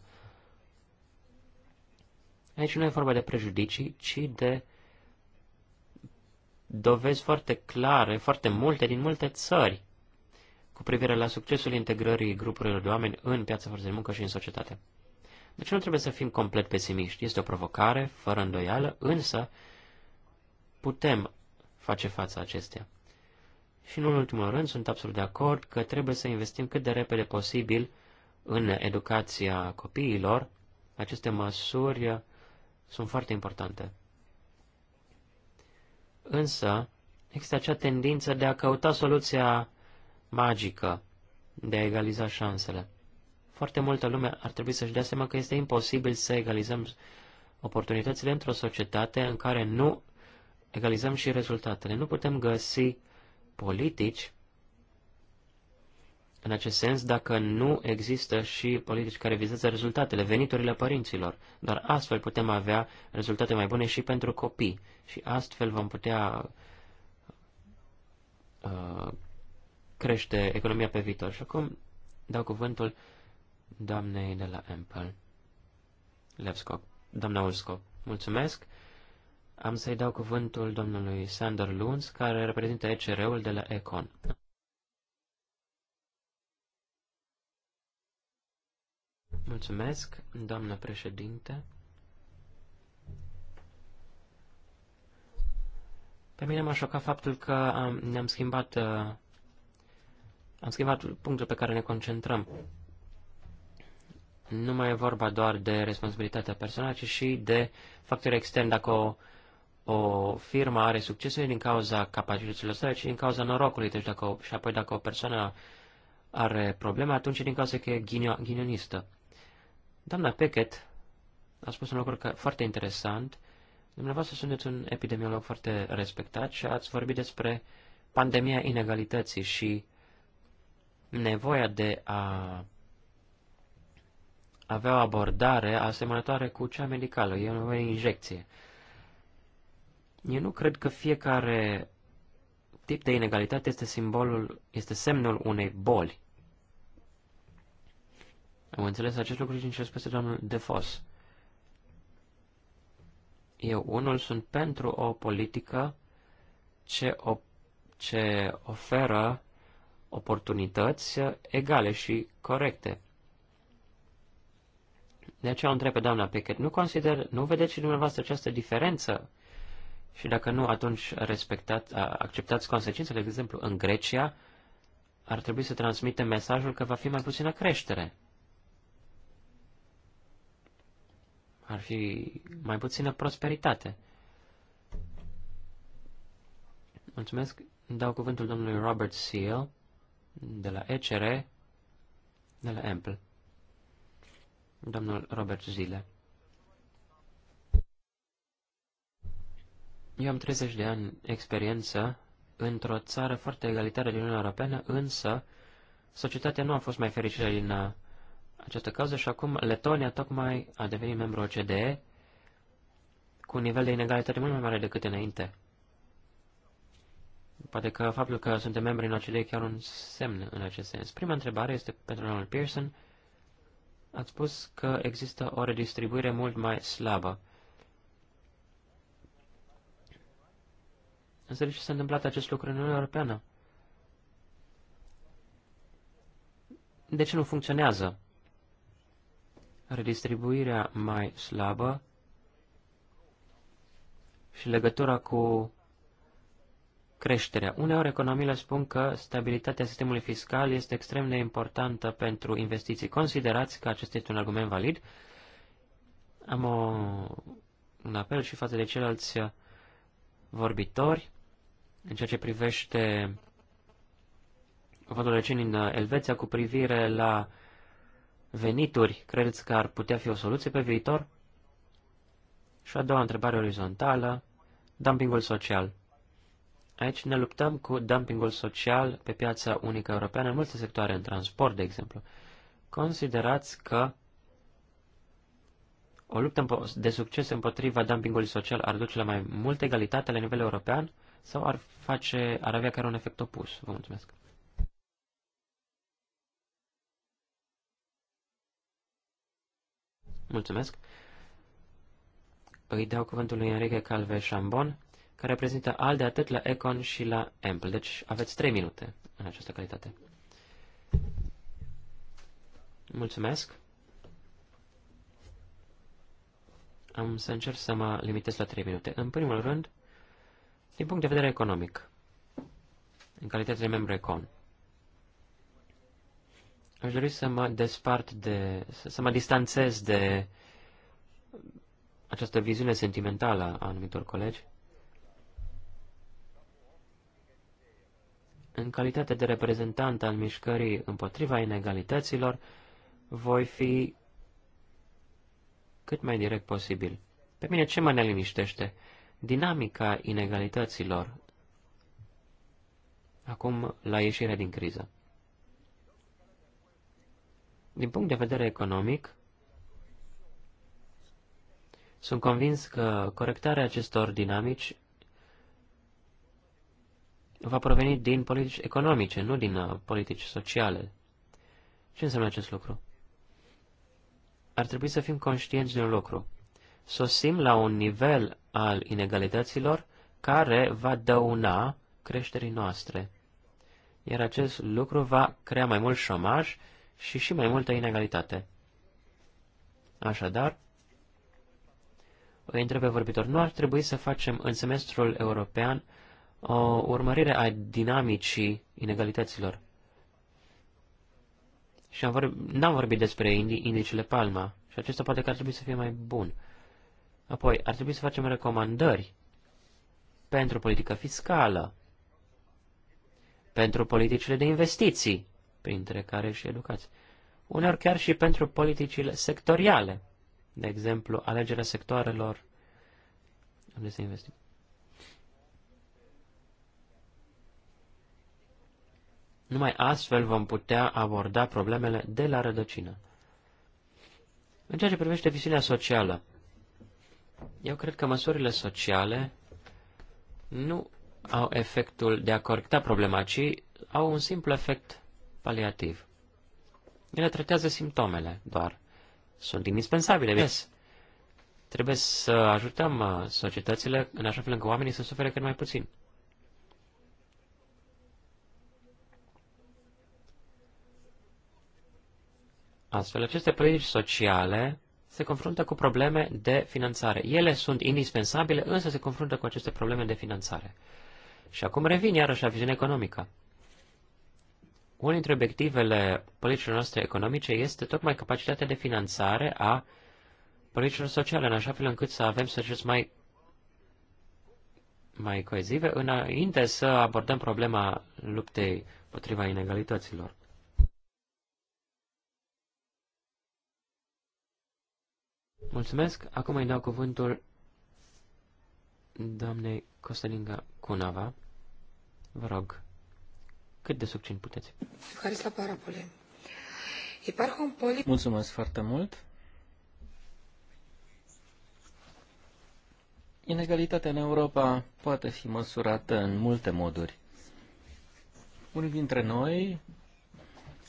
Aici nu e vorba de prejudicii, ci de dovezi foarte clare, foarte multe din multe țări cu privire la succesul integrării grupurilor de oameni în piața forței de muncă și în societate. Deci nu trebuie să fim complet pesimiști. Este o provocare, fără îndoială, însă putem face față acestea. Și în ultimul rând, sunt absolut de acord că trebuie să investim cât de repede posibil în educația copiilor. Aceste măsuri sunt foarte importante. Însă, există acea tendință de a căuta soluția magică, de a egaliza șansele. Foarte multă lume ar trebui să-și dea seama că este imposibil să egalizăm oportunitățile într-o societate în care nu egalizăm și rezultatele. Nu putem găsi politici în acest sens, dacă nu există și politici care vizează rezultatele, veniturile părinților, doar astfel putem avea rezultate mai bune și pentru copii și astfel vom putea uh, crește economia pe viitor. Și acum dau cuvântul doamnei de la Ample, Levscop, doamna Ulscop. Mulțumesc! Am să-i dau cuvântul domnului Sander Luns, care reprezintă ECR-ul de la Econ. Mulțumesc, doamnă președinte. Pe mine m-a șocat faptul că am, ne-am schimbat, uh, am schimbat punctul pe care ne concentrăm. Nu mai e vorba doar de responsabilitatea personală, ci și de factori externi. Dacă o, o firmă are succes, din cauza capacităților sale, ci din cauza norocului. Deci dacă o, și apoi dacă o persoană are probleme, atunci e din cauza că e ghinio, ghinionistă. Doamna Peckett a spus un lucru foarte interesant. Dumneavoastră sunteți un epidemiolog foarte respectat și ați vorbit despre pandemia inegalității și nevoia de a avea o abordare asemănătoare cu cea medicală. E nevoie de injecție. Eu nu cred că fiecare tip de inegalitate este simbolul, este semnul unei boli. Am înțeles acest lucru din ce spuse domnul Defos. Eu, unul, sunt pentru o politică ce, o, ce oferă oportunități egale și corecte. De aceea o întreb pe doamna Pickett, nu, consider, nu vedeți și dumneavoastră această diferență? Și dacă nu, atunci respectați, acceptați consecințele. De exemplu, în Grecia ar trebui să transmitem mesajul că va fi mai puțină creștere. ar fi mai puțină prosperitate. Mulțumesc. Dau cuvântul domnului Robert Seal de la ECR, de la Ample. Domnul Robert Zile. Eu am 30 de ani experiență într-o țară foarte egalitară din Uniunea Europeană, însă societatea nu a fost mai fericită din uh, această cauză și acum Letonia tocmai a devenit membru OCDE cu un nivel de inegalitate mult mai mare decât înainte. Poate că faptul că suntem membri în OCDE e chiar un semn în acest sens. Prima întrebare este pentru Donald Pearson. Ați spus că există o redistribuire mult mai slabă. Însă de ce s-a întâmplat acest lucru în Uniunea Europeană? De ce nu funcționează? redistribuirea mai slabă și legătura cu creșterea. Uneori economiile spun că stabilitatea sistemului fiscal este extrem de importantă pentru investiții. Considerați că acesta este un argument valid? Am o, un apel și față de ceilalți vorbitori în ceea ce privește votul recent din Elveția cu privire la venituri credeți că ar putea fi o soluție pe viitor? Și a doua întrebare orizontală, dumpingul social. Aici ne luptăm cu dumpingul social pe piața unică europeană în multe sectoare, în transport, de exemplu. Considerați că o luptă de succes împotriva dumpingului social ar duce la mai multă egalitate la nivel european sau ar, face, ar avea chiar un efect opus? Vă mulțumesc. Mulțumesc. Îi dau cuvântul lui Enrique Calve Chambon, care reprezintă al de atât la Econ și la Ample. Deci aveți trei minute în această calitate. Mulțumesc. Am să încerc să mă limitez la trei minute. În primul rând, din punct de vedere economic, în calitate de membru Econ. Aș dori să mă despart de, să, mă distanțez de această viziune sentimentală a anumitor colegi. În calitate de reprezentant al mișcării împotriva inegalităților, voi fi cât mai direct posibil. Pe mine ce mă neliniștește? Dinamica inegalităților acum la ieșirea din criză. Din punct de vedere economic, sunt convins că corectarea acestor dinamici va proveni din politici economice, nu din uh, politici sociale. Ce înseamnă acest lucru? Ar trebui să fim conștienți de un lucru. Sosim la un nivel al inegalităților care va dăuna creșterii noastre. Iar acest lucru va crea mai mult șomaj și și mai multă inegalitate. Așadar, îi întreb pe vorbitor, nu ar trebui să facem în semestrul european o urmărire a dinamicii inegalităților? Și am vorb, n-am vorbit despre indicele Palma și acesta poate că ar trebui să fie mai bun. Apoi, ar trebui să facem recomandări pentru politică fiscală, pentru politicile de investiții, printre care și educați. Uneori chiar și pentru politicile sectoriale, de exemplu, alegerea sectoarelor unde să investim. Numai astfel vom putea aborda problemele de la rădăcină. În ceea ce privește visiunea socială, eu cred că măsurile sociale nu au efectul de a corecta problema, ci au un simplu efect paliativ. Ele tratează simptomele doar. Sunt indispensabile, yes. Trebuie să ajutăm uh, societățile în așa fel încât oamenii să sufere cât mai puțin. Astfel, aceste politici sociale se confruntă cu probleme de finanțare. Ele sunt indispensabile, însă se confruntă cu aceste probleme de finanțare. Și acum revin iarăși la viziunea economică. Unul dintre obiectivele politicilor noastre economice este tocmai capacitatea de finanțare a politicilor sociale, în așa fel încât să avem societăți mai, mai coezive, înainte să abordăm problema luptei potriva inegalităților. Mulțumesc. Acum îi dau cuvântul doamnei Costelinga Cunava. Vă rog. Cât de succint puteți. Mulțumesc foarte mult. Inegalitatea în Europa poate fi măsurată în multe moduri. Unii dintre noi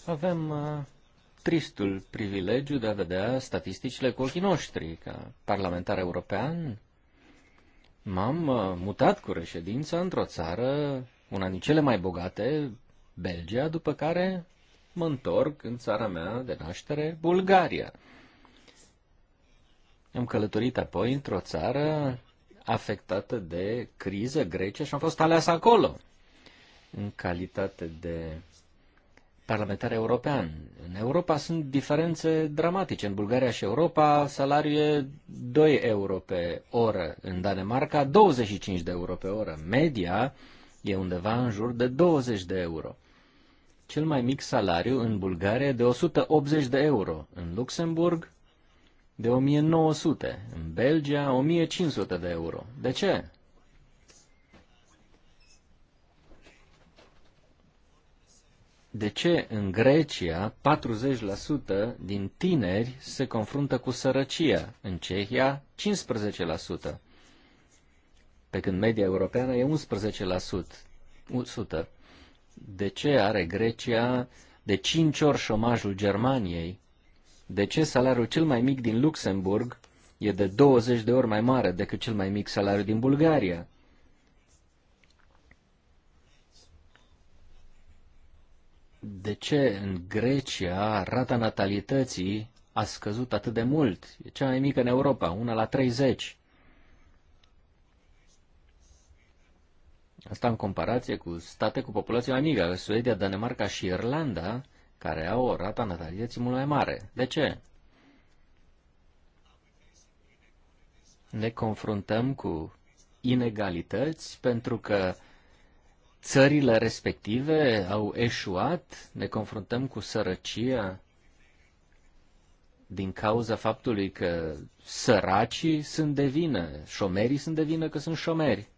avem uh, tristul privilegiu de a vedea statisticile cu ochii noștri. Ca parlamentar european m-am uh, mutat cu reședința într-o țară, una din cele mai bogate Belgia, după care mă întorc în țara mea de naștere, Bulgaria. Am călătorit apoi într-o țară afectată de criză, Grecia, și am fost aleasă acolo în calitate de parlamentar european. În Europa sunt diferențe dramatice. În Bulgaria și Europa salariul e 2 euro pe oră. În Danemarca 25 de euro pe oră. Media e undeva în jur de 20 de euro. Cel mai mic salariu în Bulgaria de 180 de euro, în Luxemburg de 1900, în Belgia 1500 de euro. De ce? De ce în Grecia 40% din tineri se confruntă cu sărăcia, în Cehia 15%, pe când media europeană e 11%? De ce are Grecia de cinci ori șomajul Germaniei? De ce salariul cel mai mic din Luxemburg e de 20 de ori mai mare decât cel mai mic salariu din Bulgaria? De ce în Grecia rata natalității a scăzut atât de mult? E cea mai mică în Europa, una la 30. Asta în comparație cu state cu populație mai mică, Suedia, Danemarca și Irlanda, care au o rată a natalității mult mai mare. De ce? Ne confruntăm cu inegalități pentru că țările respective au eșuat, ne confruntăm cu sărăcia din cauza faptului că săracii sunt de vină, șomerii sunt de vină că sunt șomeri.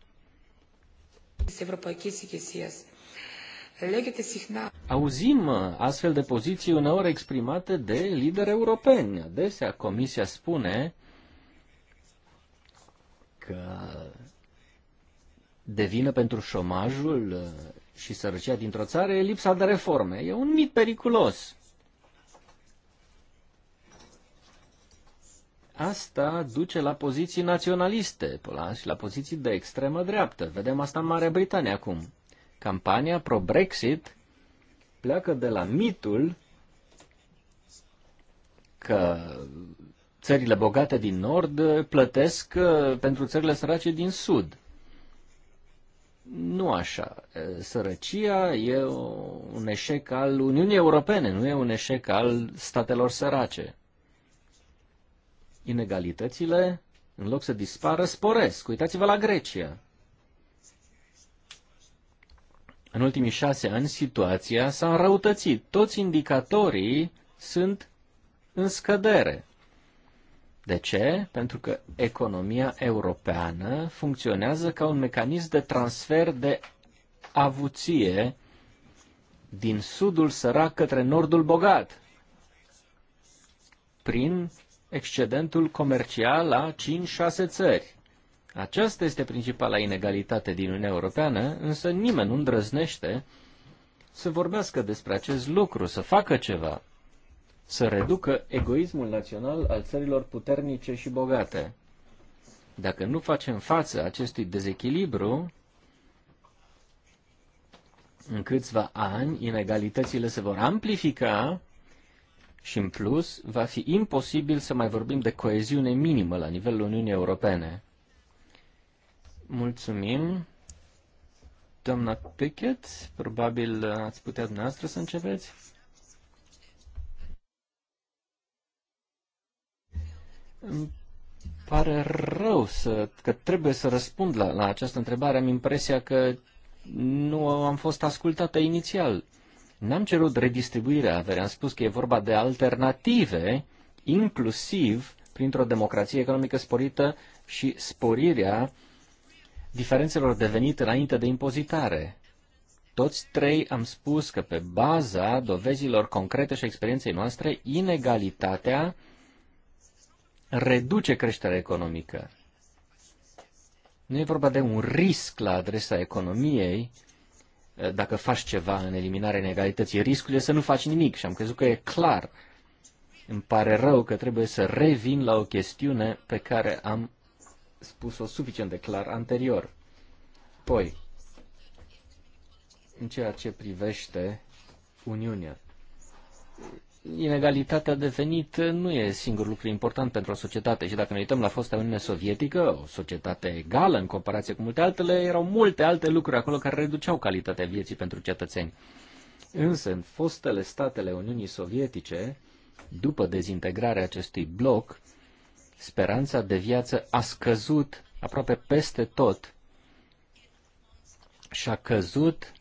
Auzim uh, astfel de poziții uneori exprimate de lideri europeni. Adesea Comisia spune că devină pentru șomajul uh, și sărăcia dintr-o țară e lipsa de reforme. E un mit periculos. asta duce la poziții naționaliste și la poziții de extremă dreaptă. Vedem asta în Marea Britanie acum. Campania pro-Brexit pleacă de la mitul că țările bogate din nord plătesc uh, pentru țările sărace din sud. Nu așa. Uh, sărăcia e un eșec al Uniunii Europene, nu e un eșec al statelor sărace inegalitățile, în loc să dispară, sporesc. Uitați-vă la Grecia. În ultimii șase ani, situația s-a înrăutățit. Toți indicatorii sunt în scădere. De ce? Pentru că economia europeană funcționează ca un mecanism de transfer de avuție din sudul sărac către nordul bogat, prin excedentul comercial la 5-6 țări. Aceasta este principala inegalitate din Uniunea Europeană, însă nimeni nu îndrăznește să vorbească despre acest lucru, să facă ceva, să reducă egoismul național al țărilor puternice și bogate. Dacă nu facem față acestui dezechilibru, în câțiva ani inegalitățile se vor amplifica și în plus, va fi imposibil să mai vorbim de coeziune minimă la nivelul Uniunii Europene. Mulțumim. Doamna Pickett, probabil ați putea dumneavoastră să începeți. Îmi pare rău să, că trebuie să răspund la, la această întrebare. Am impresia că nu am fost ascultată inițial. N-am cerut redistribuirea averii, am spus că e vorba de alternative, inclusiv printr-o democrație economică sporită și sporirea diferențelor devenite înainte de impozitare. Toți trei am spus că pe baza dovezilor concrete și experienței noastre, inegalitatea reduce creșterea economică. Nu e vorba de un risc la adresa economiei, Eh, dacă faci ceva în eliminarea inegalității, riscul e să nu faci nimic și am crezut că e clar. Îmi pare rău că trebuie să revin la o chestiune pe care am spus-o suficient de clar anterior. Poi, în ceea ce privește Uniunea, inegalitatea de venit nu e singurul lucru important pentru o societate și dacă ne uităm la fosta Uniune Sovietică, o societate egală în comparație cu multe altele, erau multe alte lucruri acolo care reduceau calitatea vieții pentru cetățeni. Însă, în fostele statele Uniunii Sovietice, după dezintegrarea acestui bloc, speranța de viață a scăzut aproape peste tot și a căzut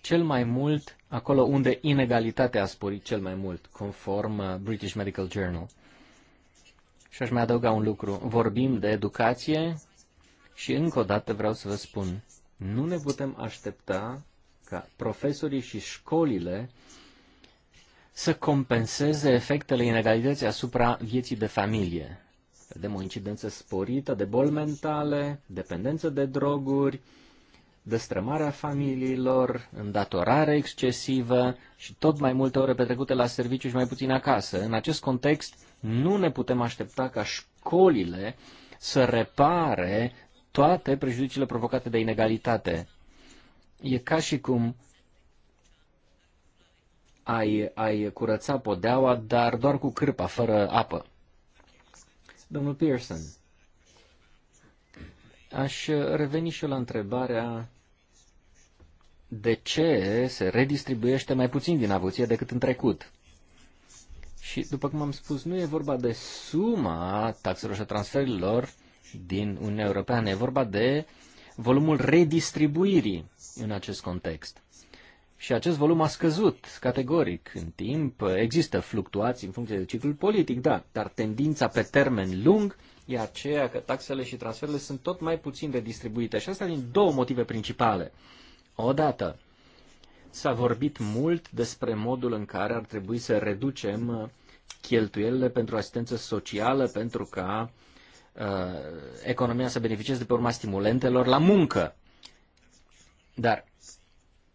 cel mai mult acolo unde inegalitatea a sporit cel mai mult, conform uh, British Medical Journal. Și aș mai adăuga un lucru. Vorbim de educație și încă o dată vreau să vă spun, nu ne putem aștepta ca profesorii și școlile să compenseze efectele inegalității asupra vieții de familie. Vedem o incidență sporită de boli mentale, dependență de droguri, destrămarea familiilor, îndatorare excesivă și tot mai multe ore petrecute la serviciu și mai puțin acasă. În acest context, nu ne putem aștepta ca școlile să repare toate prejudiciile provocate de inegalitate. E ca și cum ai, ai curăța podeaua, dar doar cu cârpa, fără apă. Domnul Pearson, aș reveni și eu la întrebarea de ce se redistribuiește mai puțin din avuție decât în trecut. Și, după cum am spus, nu e vorba de suma taxelor și a transferurilor din Uniunea Europeană, e vorba de volumul redistribuirii în acest context. Și acest volum a scăzut categoric în timp. Există fluctuații în funcție de ciclul politic, da, dar tendința pe termen lung e aceea că taxele și transferurile sunt tot mai puțin redistribuite. Și asta din două motive principale. Odată, s-a vorbit mult despre modul în care ar trebui să reducem uh, cheltuielile pentru asistență socială pentru ca uh, economia să beneficieze de pe urma stimulentelor la muncă. Dar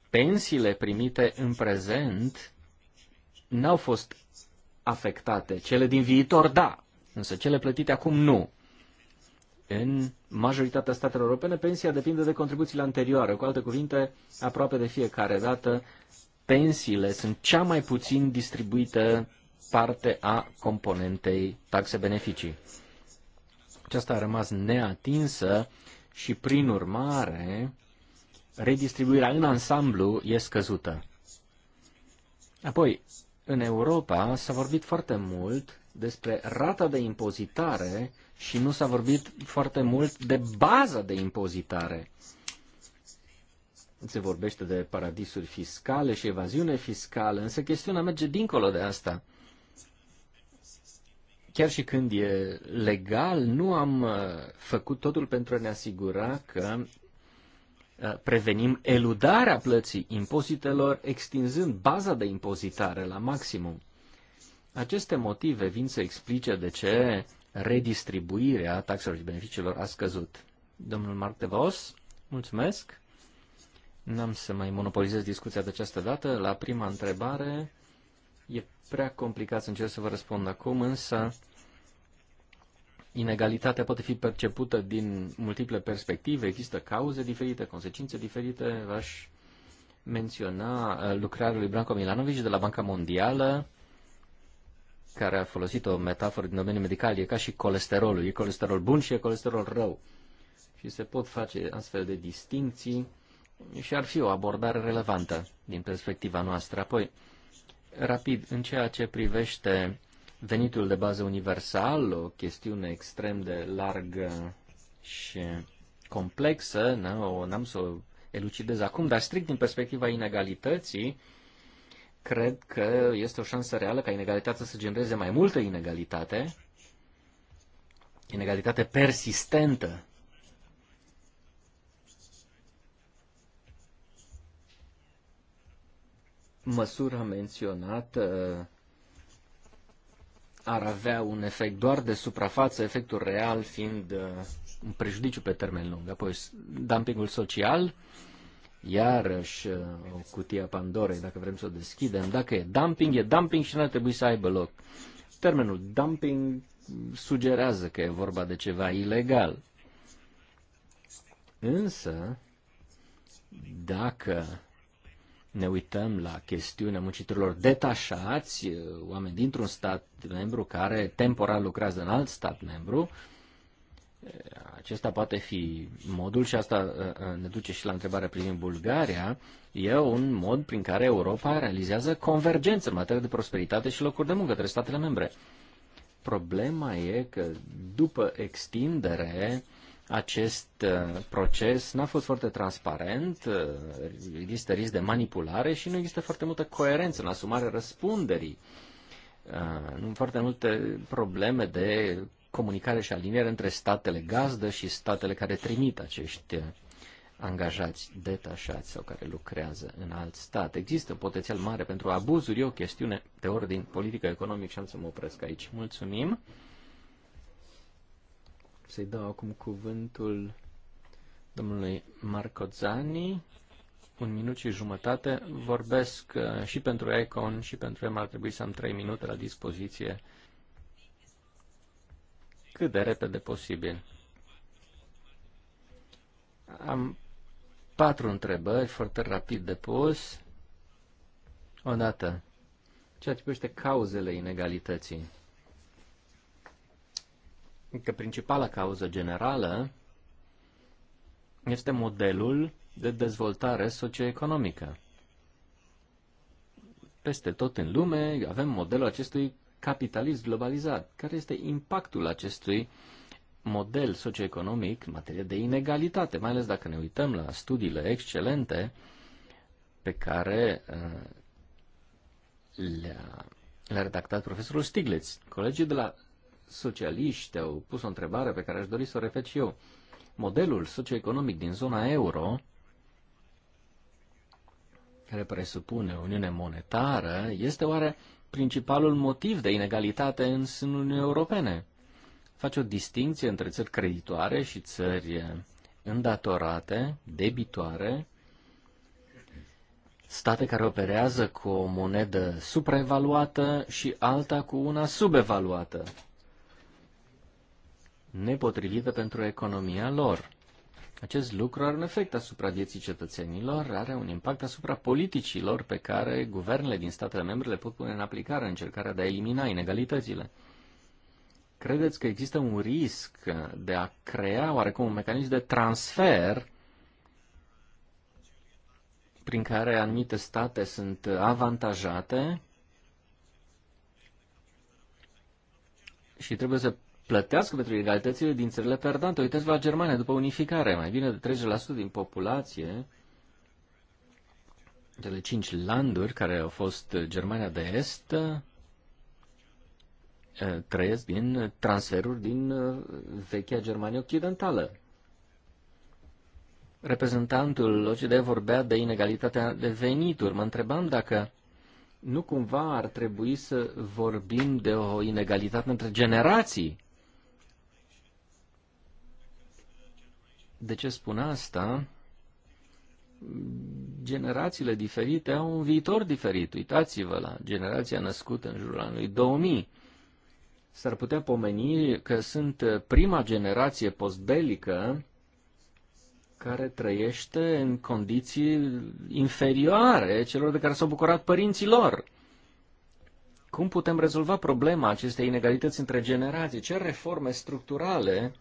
pensiile primite în prezent n-au fost afectate. Cele din viitor, da, însă cele plătite acum nu. În majoritatea statelor europene, pensia depinde de contribuțiile anterioare. Cu alte cuvinte, aproape de fiecare dată, pensiile sunt cea mai puțin distribuită parte a componentei taxe-beneficii. Aceasta a rămas neatinsă și, prin urmare, redistribuirea în ansamblu e scăzută. Apoi, în Europa s-a vorbit foarte mult despre rata de impozitare și nu s-a vorbit foarte mult de baza de impozitare. Se vorbește de paradisuri fiscale și evaziune fiscală, însă chestiunea merge dincolo de asta. Chiar și când e legal, nu am uh, făcut totul pentru a ne asigura că uh, prevenim eludarea plății impozitelor, extinzând baza de impozitare la maximum. Aceste motive vin să explice de ce redistribuirea taxelor și beneficiilor a scăzut. Domnul Marc de Vos, mulțumesc. N-am să mai monopolizez discuția de această dată. La prima întrebare e prea complicat să încerc să vă răspund acum, însă inegalitatea poate fi percepută din multiple perspective, există cauze diferite, consecințe diferite. V-aș menționa uh, lucrarea lui Branko Milanovic de la Banca Mondială, care a folosit o metaforă din domeniul medical, e ca și colesterolul, e colesterol bun și e colesterol rău. Și se pot face astfel de distinții și ar fi o abordare relevantă din perspectiva noastră. Apoi, rapid, în ceea ce privește venitul de bază universal, o chestiune extrem de largă și complexă, n-am să o elucidez acum, dar strict din perspectiva inegalității, cred că este o șansă reală ca inegalitatea să genereze mai multă inegalitate, inegalitate persistentă. Măsura menționată uh, ar avea un efect doar de suprafață, efectul real fiind uh, un prejudiciu pe termen lung. Apoi, dumpingul social, iarăși uh, o cutie a Pandorei, dacă vrem să o deschidem. Dacă e dumping, e dumping și nu ar trebui să aibă loc. Termenul dumping sugerează că e vorba de ceva ilegal. Însă, dacă ne uităm la chestiunea muncitorilor detașați, uh, oameni dintr-un stat membru care temporar lucrează în alt stat membru, uh, acesta poate fi modul și asta uh, uh, ne duce și la întrebarea privind Bulgaria, e un mod prin care Europa realizează convergență în materie de prosperitate și locuri de muncă între statele membre. Problema e că după extindere acest uh, proces n-a fost foarte transparent, există risc de manipulare și nu există foarte multă coerență în asumarea răspunderii. Foarte multe probleme de comunicare și aliniere între statele gazdă și statele care trimit acești uh, angajați detașați sau care lucrează în alt stat. Există un potențial mare pentru abuzuri, e o chestiune de ordin politică, economic și am să mă opresc aici. Mulțumim. Să-i dau acum cuvântul domnului Marco Zani. Un minut și jumătate. Vorbesc uh, și pentru Econ și pentru el ar trebui să am trei minute la dispoziție cât de repede posibil. Am patru întrebări foarte rapid de pus. O dată, ceea ce privește cauzele inegalității. Că principala cauză generală este modelul de dezvoltare socioeconomică. Peste tot în lume avem modelul acestui capitalist globalizat. Care este impactul acestui model socioeconomic în materie de inegalitate, mai ales dacă ne uităm la studiile excelente pe care uh, le-a, le-a redactat profesorul Stiglitz. Colegii de la socialiști au pus o întrebare pe care aș dori să o repet și eu. Modelul socioeconomic din zona euro, care presupune Uniune Monetară, este oare principalul motiv de inegalitate în sânul Uniunii Europene. Face o distinție între țări creditoare și țări îndatorate, debitoare, state care operează cu o monedă supraevaluată și alta cu una subevaluată, nepotrivită pentru economia lor. Acest lucru are un efect asupra vieții cetățenilor, are un impact asupra politicilor pe care guvernele din statele membre le pot pune în aplicare în încercarea de a elimina inegalitățile. Credeți că există un risc de a crea oarecum un mecanism de transfer prin care anumite state sunt avantajate și trebuie să plătească pentru egalitățile din țările perdante. Uitați-vă la Germania după unificare, mai bine de 30% din populație, cele cinci landuri care au fost Germania de Est, eh, trăiesc din transferuri din eh, vechea Germania Occidentală. Reprezentantul OCDE vorbea de inegalitatea de venituri. Mă întrebam dacă nu cumva ar trebui să vorbim de o inegalitate între generații De ce spun asta? Generațiile diferite au un viitor diferit. Uitați-vă la generația născută în jurul anului 2000. S-ar putea pomeni că sunt prima generație postbelică care trăiește în condiții inferioare celor de care s-au bucurat părinții lor. Cum putem rezolva problema acestei inegalități între generații? Ce reforme structurale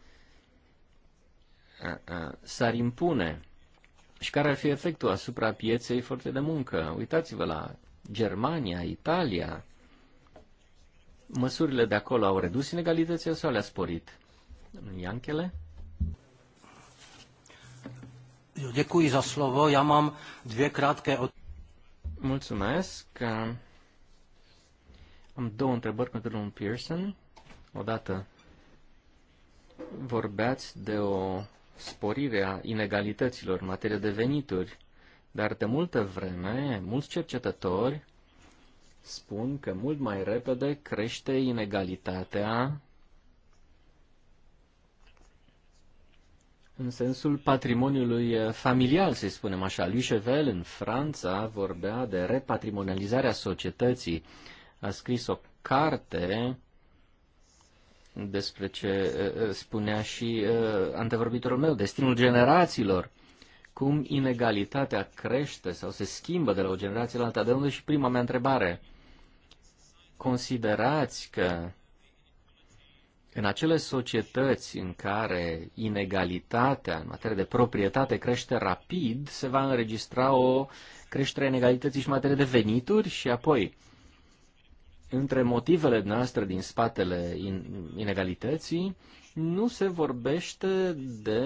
s-ar impune și care ar fi efectul asupra pieței forței de muncă. Uitați-vă la Germania, Italia. Măsurile de acolo au redus inegalitățile sau le-a sporit? Ianchele? Děkuji za slovo. ja mam dvě kratke... Mulțumesc. Am două întrebări pentru domnul Pearson. Odată vorbeați de o sporirea inegalităților în materie de venituri, dar de multă vreme, mulți cercetători spun că mult mai repede crește inegalitatea în sensul patrimoniului eh, familial, să spunem așa. Lui Chevel în Franța vorbea de repatrimonializarea societății. A scris o carte despre ce spunea și antevorbitorul meu, destinul generațiilor, cum inegalitatea crește sau se schimbă de la o generație la alta. De unde și prima mea întrebare. Considerați că în acele societăți în care inegalitatea în materie de proprietate crește rapid, se va înregistra o creștere a inegalității și în materie de venituri și apoi între motivele noastre din spatele inegalității nu se vorbește de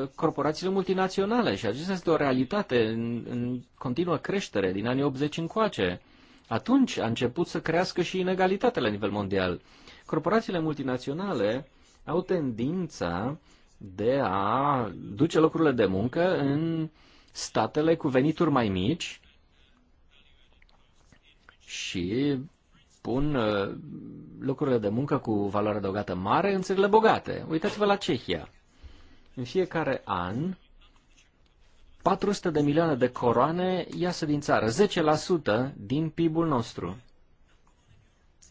uh, corporațiile multinaționale și acesta este o realitate în, în continuă creștere din anii 80 încoace. Atunci a început să crească și inegalitatea la nivel mondial. Corporațiile multinaționale au tendința de a duce locurile de muncă în statele cu venituri mai mici și spun uh, lucrurile de muncă cu valoare adăugată mare în țările bogate. Uitați-vă la Cehia. În fiecare an, 400 de milioane de coroane iasă din țară, 10% din PIB-ul nostru.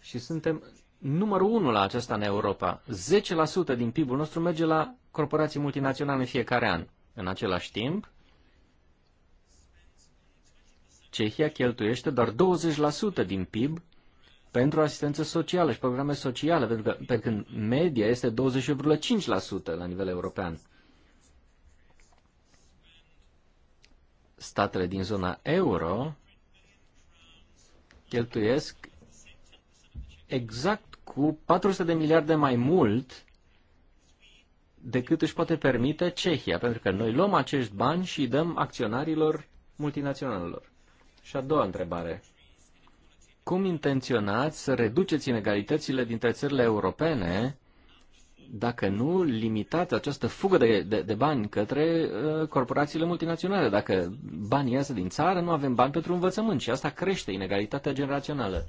Și suntem numărul unu la acesta în Europa. 10% din PIB-ul nostru merge la corporații multinaționale în fiecare an. În același timp, Cehia cheltuiește doar 20% din PIB pentru asistență socială și programe sociale, pentru că pe când media este 28,5% la nivel european. Statele din zona euro cheltuiesc exact cu 400 de miliarde mai mult decât își poate permite Cehia, pentru că noi luăm acești bani și îi dăm acționarilor multinaționalelor. Și a doua întrebare cum intenționați să reduceți inegalitățile dintre țările europene dacă nu limitați această fugă de, de, de bani către uh, corporațiile multinaționale. Dacă banii iasă din țară, nu avem bani pentru învățământ și asta crește inegalitatea generațională.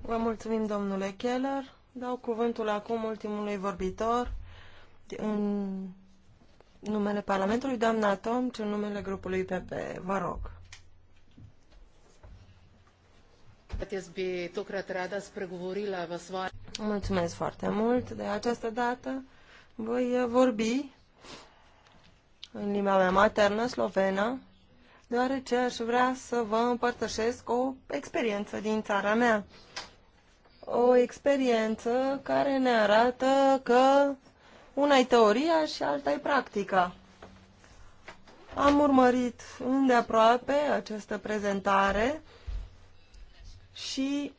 Vă mulțumim, domnule Keller. Dau cuvântul acum ultimului vorbitor în numele Parlamentului, doamna Tom, în numele grupului PP. Vă rog. Mulțumesc foarte mult. De această dată voi vorbi în limba mea maternă, slovenă, deoarece aș vrea să vă împărtășesc o experiență din țara mea. O experiență care ne arată că una e teoria și alta e practica. Am urmărit îndeaproape această prezentare și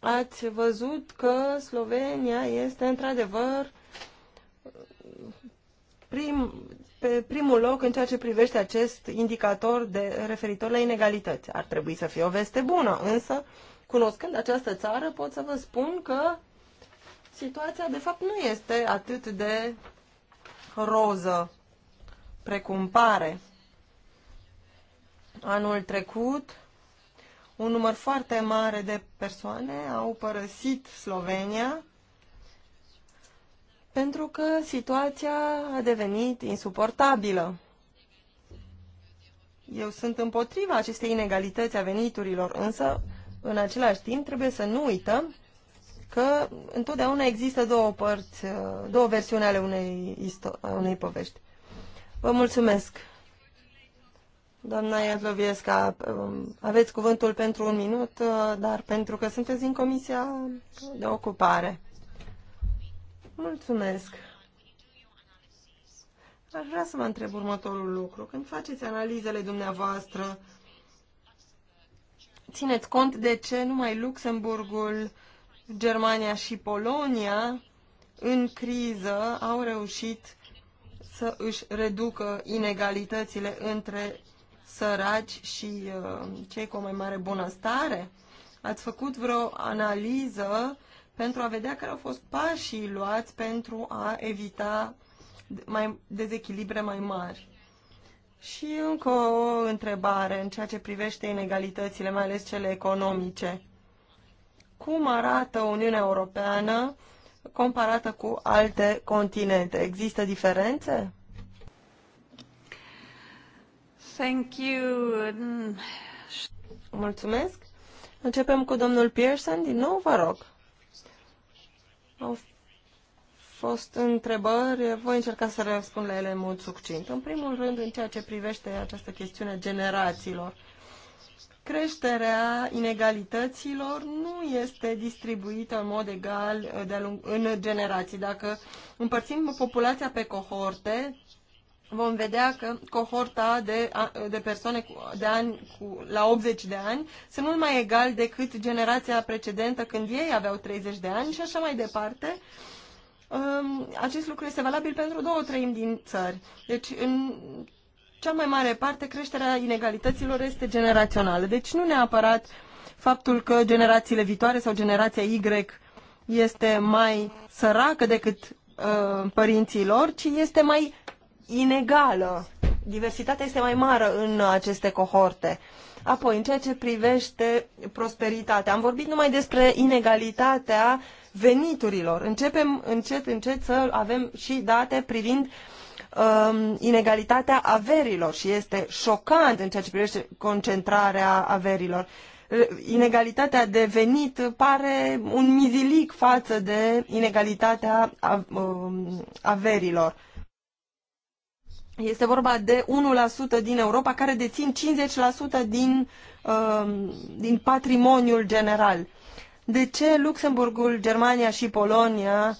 ați văzut că Slovenia este într-adevăr prim, pe primul loc în ceea ce privește acest indicator de referitor la inegalități. Ar trebui să fie o veste bună, însă, cunoscând această țară, pot să vă spun că situația de fapt nu este atât de roză precum pare. Anul trecut, un număr foarte mare de persoane au părăsit Slovenia pentru că situația a devenit insuportabilă. Eu sunt împotriva acestei inegalități a veniturilor, însă, în același timp, trebuie să nu uităm că întotdeauna există două părți, două versiuni ale unei, unei povești. Vă mulțumesc! Doamna Iadloviesca, um, aveți cuvântul pentru un minut, uh, dar pentru că sunteți în Comisia de Ocupare. Mulțumesc. Aș vrea să vă întreb următorul lucru. Când faceți analizele dumneavoastră, țineți cont de ce numai Luxemburgul, Germania și Polonia în criză au reușit să își reducă inegalitățile între săraci și uh, cei cu o mai mare bunăstare? Ați făcut vreo analiză pentru a vedea care au fost pașii luați pentru a evita mai, dezechilibre mai mari? Și încă o întrebare în ceea ce privește inegalitățile, mai ales cele economice. Cum arată Uniunea Europeană comparată cu alte continente? Există diferențe? Thank you. Mulțumesc. Începem cu domnul Pearson. Din nou, vă rog. Au fost întrebări, voi încerca să răspund la ele în mod succint. În primul rând, în ceea ce privește această chestiune generațiilor, creșterea inegalităților nu este distribuită în mod egal de în generații. Dacă împărțim populația pe cohorte, vom vedea că cohorta de, de persoane cu, de ani, cu, la 80 de ani sunt mult mai egal decât generația precedentă când ei aveau 30 de ani și așa mai departe. Um, acest lucru este valabil pentru două treimi din țări. Deci, în cea mai mare parte, creșterea inegalităților este generațională. Deci nu neapărat faptul că generațiile viitoare sau generația Y este mai săracă decât uh, părinții lor, ci este mai inegală. Diversitatea este mai mare în aceste cohorte. Apoi, în ceea ce privește prosperitatea, am vorbit numai despre inegalitatea veniturilor. Începem încet, încet să avem și date privind um, inegalitatea averilor și este șocant în ceea ce privește concentrarea averilor. Uh, inegalitatea de venit pare un mizilic față de inegalitatea um, averilor este vorba de 1% din Europa care dețin 50% din, uh, din patrimoniul general. De ce Luxemburgul, Germania și Polonia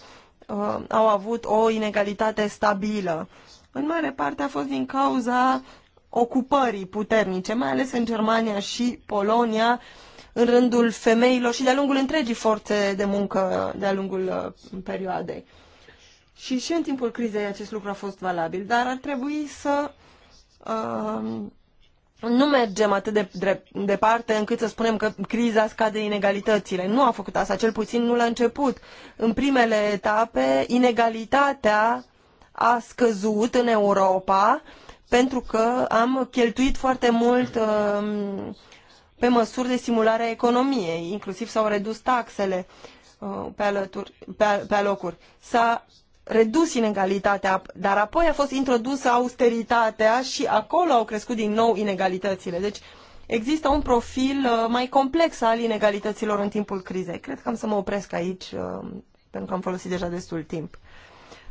uh, au avut o inegalitate stabilă? În mare parte a fost din cauza ocupării puternice, mai ales în Germania și Polonia, în rândul femeilor și de-a lungul întregii forțe de muncă de-a lungul uh, perioadei. Și și în timpul crizei acest lucru a fost valabil, dar ar trebui să uh, nu mergem atât de departe de încât să spunem că criza scade inegalitățile. Nu a făcut asta, cel puțin nu la început. În primele etape, inegalitatea a scăzut în Europa pentru că am cheltuit foarte mult uh, pe măsuri de simulare a economiei, inclusiv s-au redus taxele. Uh, pe, alături, pe, pe alocuri. S-a redus inegalitatea, dar apoi a fost introdusă austeritatea și acolo au crescut din nou inegalitățile. Deci există un profil uh, mai complex al inegalităților în timpul crizei. Cred că am să mă opresc aici, uh, pentru că am folosit deja destul timp.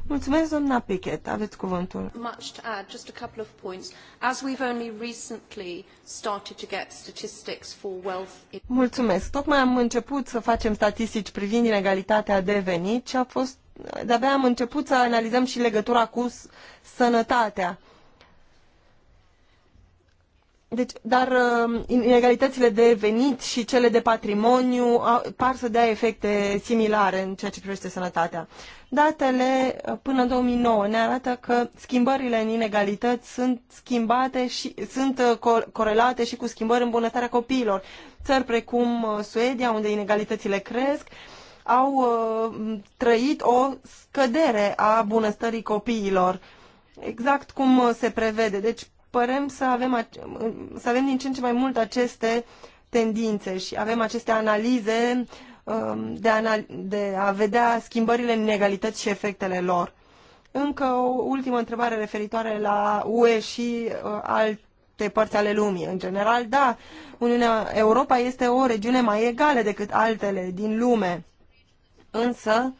Mulțumesc, doamna Pichet. Aveți cuvântul. Much to add, just a couple of points. As we've only recently started to get statistics for wealth... Mulțumesc. Tocmai am început să facem statistici privind inegalitatea de venit și a fost de-abia am început să analizăm și legătura cu sănătatea. Deci, dar um, inegalitățile de venit și cele de patrimoniu par să dea efecte similare în ceea ce privește sănătatea. Datele uh, până în 2009 ne arată că schimbările în inegalități sunt schimbate și sunt uh, corelate și cu schimbări în bunăstarea copiilor. Țări precum uh, Suedia, unde inegalitățile cresc, au uh, trăit o scădere a bunăstării copiilor, exact cum uh, se prevede. Deci părem să avem, să avem din ce în ce mai mult aceste tendințe și avem aceste analize um, de, a, de a vedea schimbările în inegalități și efectele lor. Încă o ultimă întrebare referitoare la UE și uh, alte părți ale lumii. În general, da, Uniunea Europa este o regiune mai egală decât altele din lume însă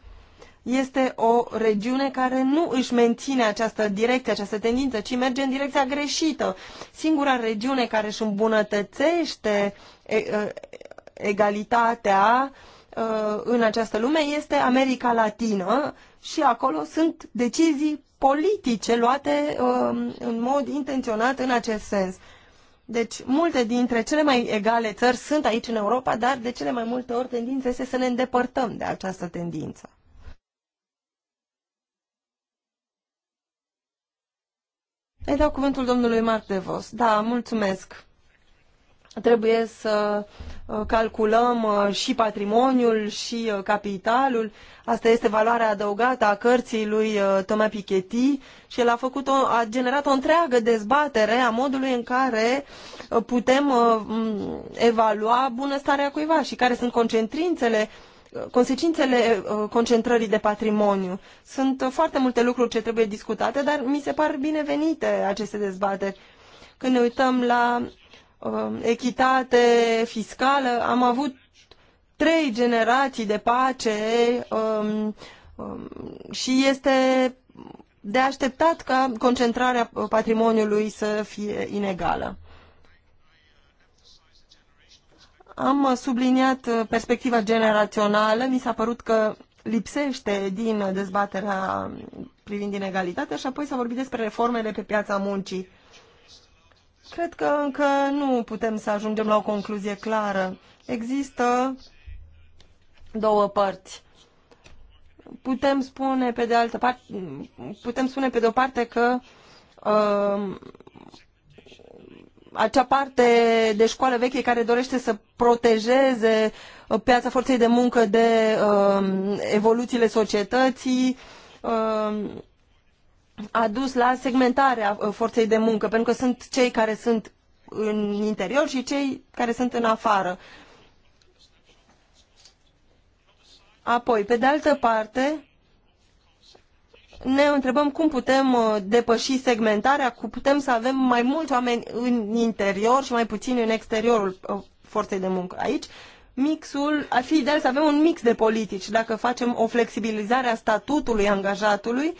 este o regiune care nu își menține această direcție, această tendință, ci merge în direcția greșită. Singura regiune care își îmbunătățește egalitatea în această lume este America Latină și acolo sunt decizii politice luate în mod intenționat în acest sens. Deci, multe dintre cele mai egale țări sunt aici în Europa, dar de cele mai multe ori tendința este să ne îndepărtăm de această tendință. Îi dau cuvântul domnului Marc Devos. Da, mulțumesc trebuie să uh, calculăm uh, și patrimoniul și uh, capitalul. Asta este valoarea adăugată a cărții lui Thomas Piketty și el a, făcut o, a generat o întreagă dezbatere a modului în care putem evalua bunăstarea cuiva și care sunt concentrințele consecințele concentrării de patrimoniu. Sunt foarte multe lucruri ce trebuie discutate, dar mi se par binevenite aceste dezbateri. Când ne uităm la Um, echitate fiscală. Am avut trei generații de pace um, um, și este de așteptat ca concentrarea patrimoniului să fie inegală. Am subliniat perspectiva generațională. Mi s-a părut că lipsește din dezbaterea privind inegalitatea și apoi s-a vorbit despre reformele pe piața muncii. Cred că încă nu putem să ajungem la o concluzie clară. Există două părți. Putem spune pe de altă parte, putem spune pe de o parte că uh, acea parte de școală veche care dorește să protejeze uh, piața forței de muncă de uh, evoluțiile societății uh, a dus la segmentarea uh, forței de muncă, pentru că sunt cei care sunt în interior și cei care sunt în afară. Apoi, pe de altă parte, ne întrebăm cum putem uh, depăși segmentarea, cum putem să avem mai mulți oameni în interior și mai puțini în exteriorul uh, forței de muncă. Aici, mixul, ar fi ideal să avem un mix de politici. Dacă facem o flexibilizare a statutului angajatului, uh,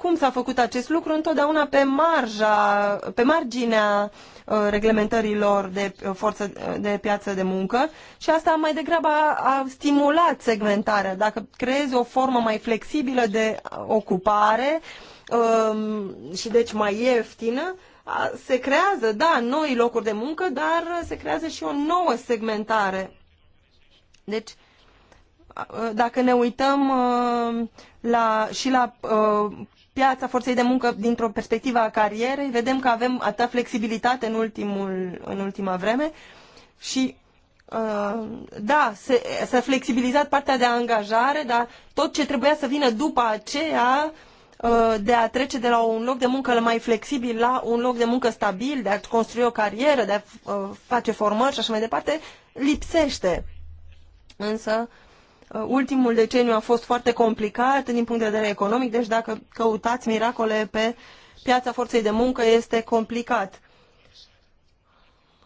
cum s-a făcut acest lucru? Întotdeauna pe, marja, pe marginea uh, reglementărilor de, uh, forță, uh, de piață de muncă și asta mai degrabă a stimulat segmentarea. Dacă creezi o formă mai flexibilă de ocupare um, și deci mai ieftină, se creează, da, noi locuri de muncă, dar se creează și o nouă segmentare. Deci, dacă ne uităm la, și la piața forței de muncă dintr-o perspectivă a carierei. Vedem că avem atâta flexibilitate în, ultimul, în ultima vreme și uh, da, s-a flexibilizat partea de angajare, dar tot ce trebuia să vină după aceea uh, de a trece de la un loc de muncă mai flexibil la un loc de muncă stabil, de a construi o carieră, de a uh, face formări și așa mai departe, lipsește. Însă Uh, ultimul deceniu a fost foarte complicat din punct de vedere economic, deci dacă căutați miracole pe piața forței de muncă este complicat.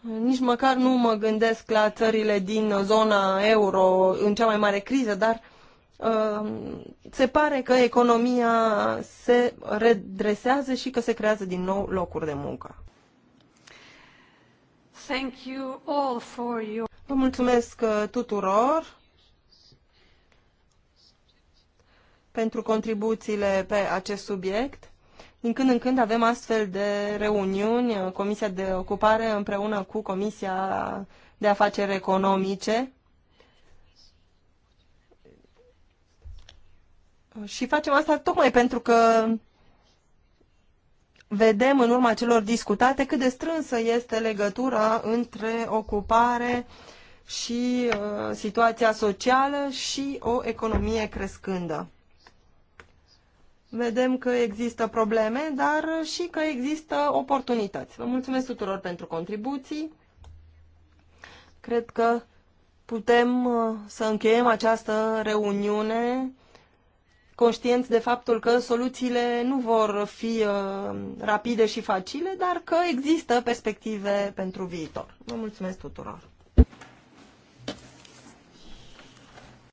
Nici măcar nu mă gândesc la țările din zona euro în cea mai mare criză, dar uh, se pare că economia se redresează și că se creează din nou locuri de muncă. Thank you all for your... Vă mulțumesc uh, tuturor pentru contribuțiile pe acest subiect. Din când în când avem astfel de reuniuni, uh, Comisia de Ocupare împreună cu Comisia de Afaceri Economice. Și facem asta tocmai pentru că vedem în urma celor discutate cât de strânsă este legătura între ocupare și uh, situația socială și o economie crescândă. Vedem că există probleme, dar și că există oportunități. Vă mulțumesc tuturor pentru contribuții. Cred că putem uh, să încheiem această reuniune conștienți de faptul că soluțiile nu vor fi uh, rapide și facile, dar că există perspective pentru viitor. Vă mulțumesc tuturor!